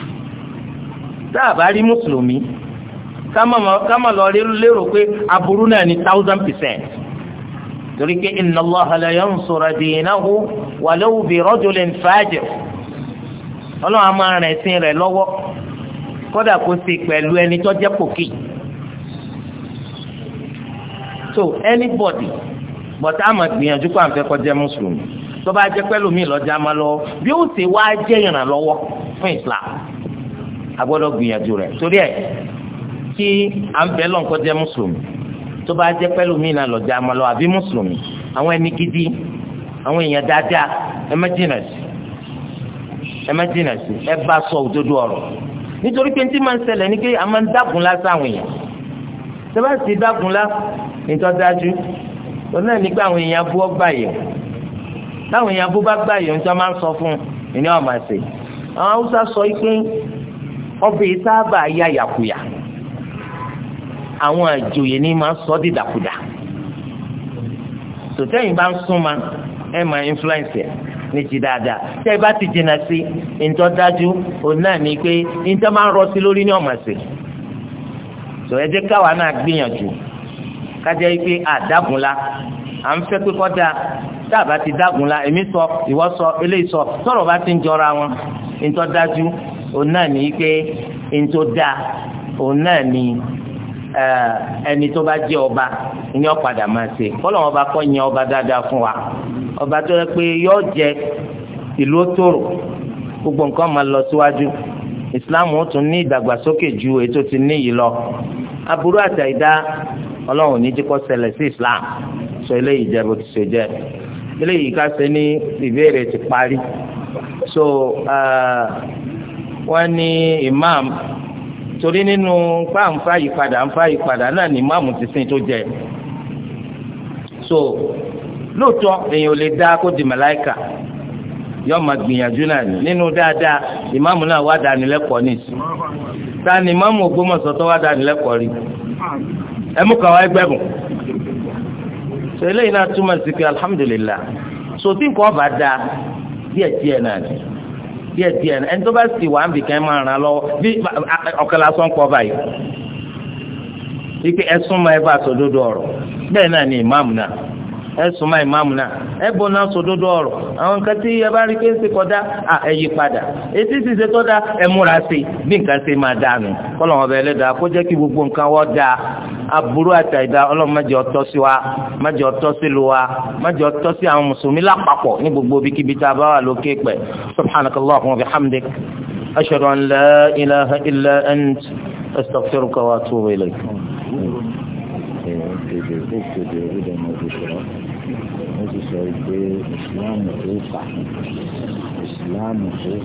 S1: tá a bá rí mùsùlùmí kama lọ lérò pé aburú náà ní thousand percent torí pé inna Allaha la yansuru dinahu walau bi rajulin fajir ọlọ́run á máa rìn ẹ̀sìn rẹ̀ lọ́wọ́ kódà kó ṣe pẹ̀lú ẹni tó jẹ́ pòkì so anybody but a máa gbìyànjú kó à ń fẹ́ kọjá mùsùlùmí tó bá jẹ́ pẹ́ lómi ìlọ́jà máa lọ bí ó ṣe wá jẹ́ ìrànlọ́wọ́ fún gbìyànjú rẹ̀ torí ẹ̀ kí à ń bẹ lọ́nkọ́ jẹ́ mùsùlùmí tó bá jẹ́ pẹ́lú mi náà lọ́jà àmọ́ lọ àbí mùsùlùmí àwọn ẹni gidi àwọn èèyàn dáadáa ẹ má jìnà sí ẹ má jìnà sí ẹ bá sọ òdodo ọ̀rọ̀ nítorí pé tí máa ń ṣẹlẹ̀ ní pé a máa ń dágunlá sáwọn èèyàn tó bá sì dágunlá nítorí dájú òun náà nígbà àwọn èèyàn bú ọ gbàyè táwọn èèyàn bú bá gbàyè nítorí máa ń sọ fún ìní ọ̀ máa àwọn haúsá sọ pé ọbẹ̀ yìí sábà yá yàkuyà. Ya àwọn àjòyè ní máa sọ dídàkudà tòtẹ́yìn bá ń súnma ẹ máa influence ẹ̀ ní ti dáadáa tẹ́ ẹ bá ti jìnnà sí ntọ́ dájú òun náà ní pé ntọ́ máa ń rọ sí lórí ní ọ̀mà sí tò ẹ jẹ́ káwa náà gbìyànjú kájẹ́ pé àdágunlá à ń fẹ́ pé kọ́dà tá a bá ti dágunlá èmi sọ ìwọ sọ eléyìí sọ tọ́rọ̀ bá ti ń jọra wọn ntọ́ dájú òun náà ní pé ntọ́ dáa òun náà ní Eh, ẹni tó bá jẹ́ ọba ní ọ̀padà máa ṣe kọ́lọ́wọ́n ọba kọ́ yan ọba dáadáa fún wa ọba tó yẹ pé yọ jẹ ìlú tòrò gbogbo nǹkan máa lọ síwájú Islam ó tún ní ìdàgbàsókè ju ètò ti ní yìí lọ aburú àtàìdá ọlọ́run ní jíkọ́ ṣẹlẹ̀ sí Islam sọ eléyìí jẹ́ bó ti ṣe jẹ́ eléyìí ká ṣe ní ìbéèrè ti parí so eh, wọ́n ní imam torí nínú fáǹfà ìpadà ńfà ìpadà náà ni máàmù ti sin tó jẹ so lóòótọ́ èèyàn ò lè dá kó di màláìkà yọ ma gbìyànjú náà ni nínú dáadáa ìmáàmù náà wá dánilẹ́kọ̀ọ́ ní ìsìn ta ni ìmáàmù Ògbómọ̀ṣọ́ tó wá dánilẹ́kọ̀ọ́ rí ẹ mú kàwá ẹgbẹ́bùn so eléyìí náà túmọ̀ sí pé alhamdulillah so tí nǹkan ọba da díẹ̀ díẹ̀ náà ni díẹ̀ díẹ̀ ẹni tó bá sì wà ń bìkan máa ràn lọ́wọ́ bí ọ̀kẹ́lá sọ́n pọ̀ báyìí wípé ẹ̀sùn máa ẹ bá sòdodo ọ̀rọ̀ bẹ́ẹ̀ náà ni ìmáàmù náà ẹ sùn máa ìmáàmù náà ẹ bọ náà sòdodo ọ̀rọ̀ àwọn nǹkan tí ẹ bá rí pé ń ṣe kọjá à ẹ yí padà etí sì ṣe tọ́da ẹ múra sí bí nǹkan ṣe máa dáa nù kọ́lọ̀ wọn bẹ ẹlẹ́dàá kó jẹ́ kí gbogbo nǹkan wọ́n dáa aburú àti àìda ọlọ́run má tọ́ sí wa má tọ́ sí lu wa má tọ́ sí àwọn mùsùlùmí lápapọ̀ ní gbogbo ibikíbi tá a bá wà lókè pẹ̀ subhanakallahumma wa bihamdik ashhadu an illa ant astaghfiruka wa
S2: ìsìláàmù tó fà ìsìláàmù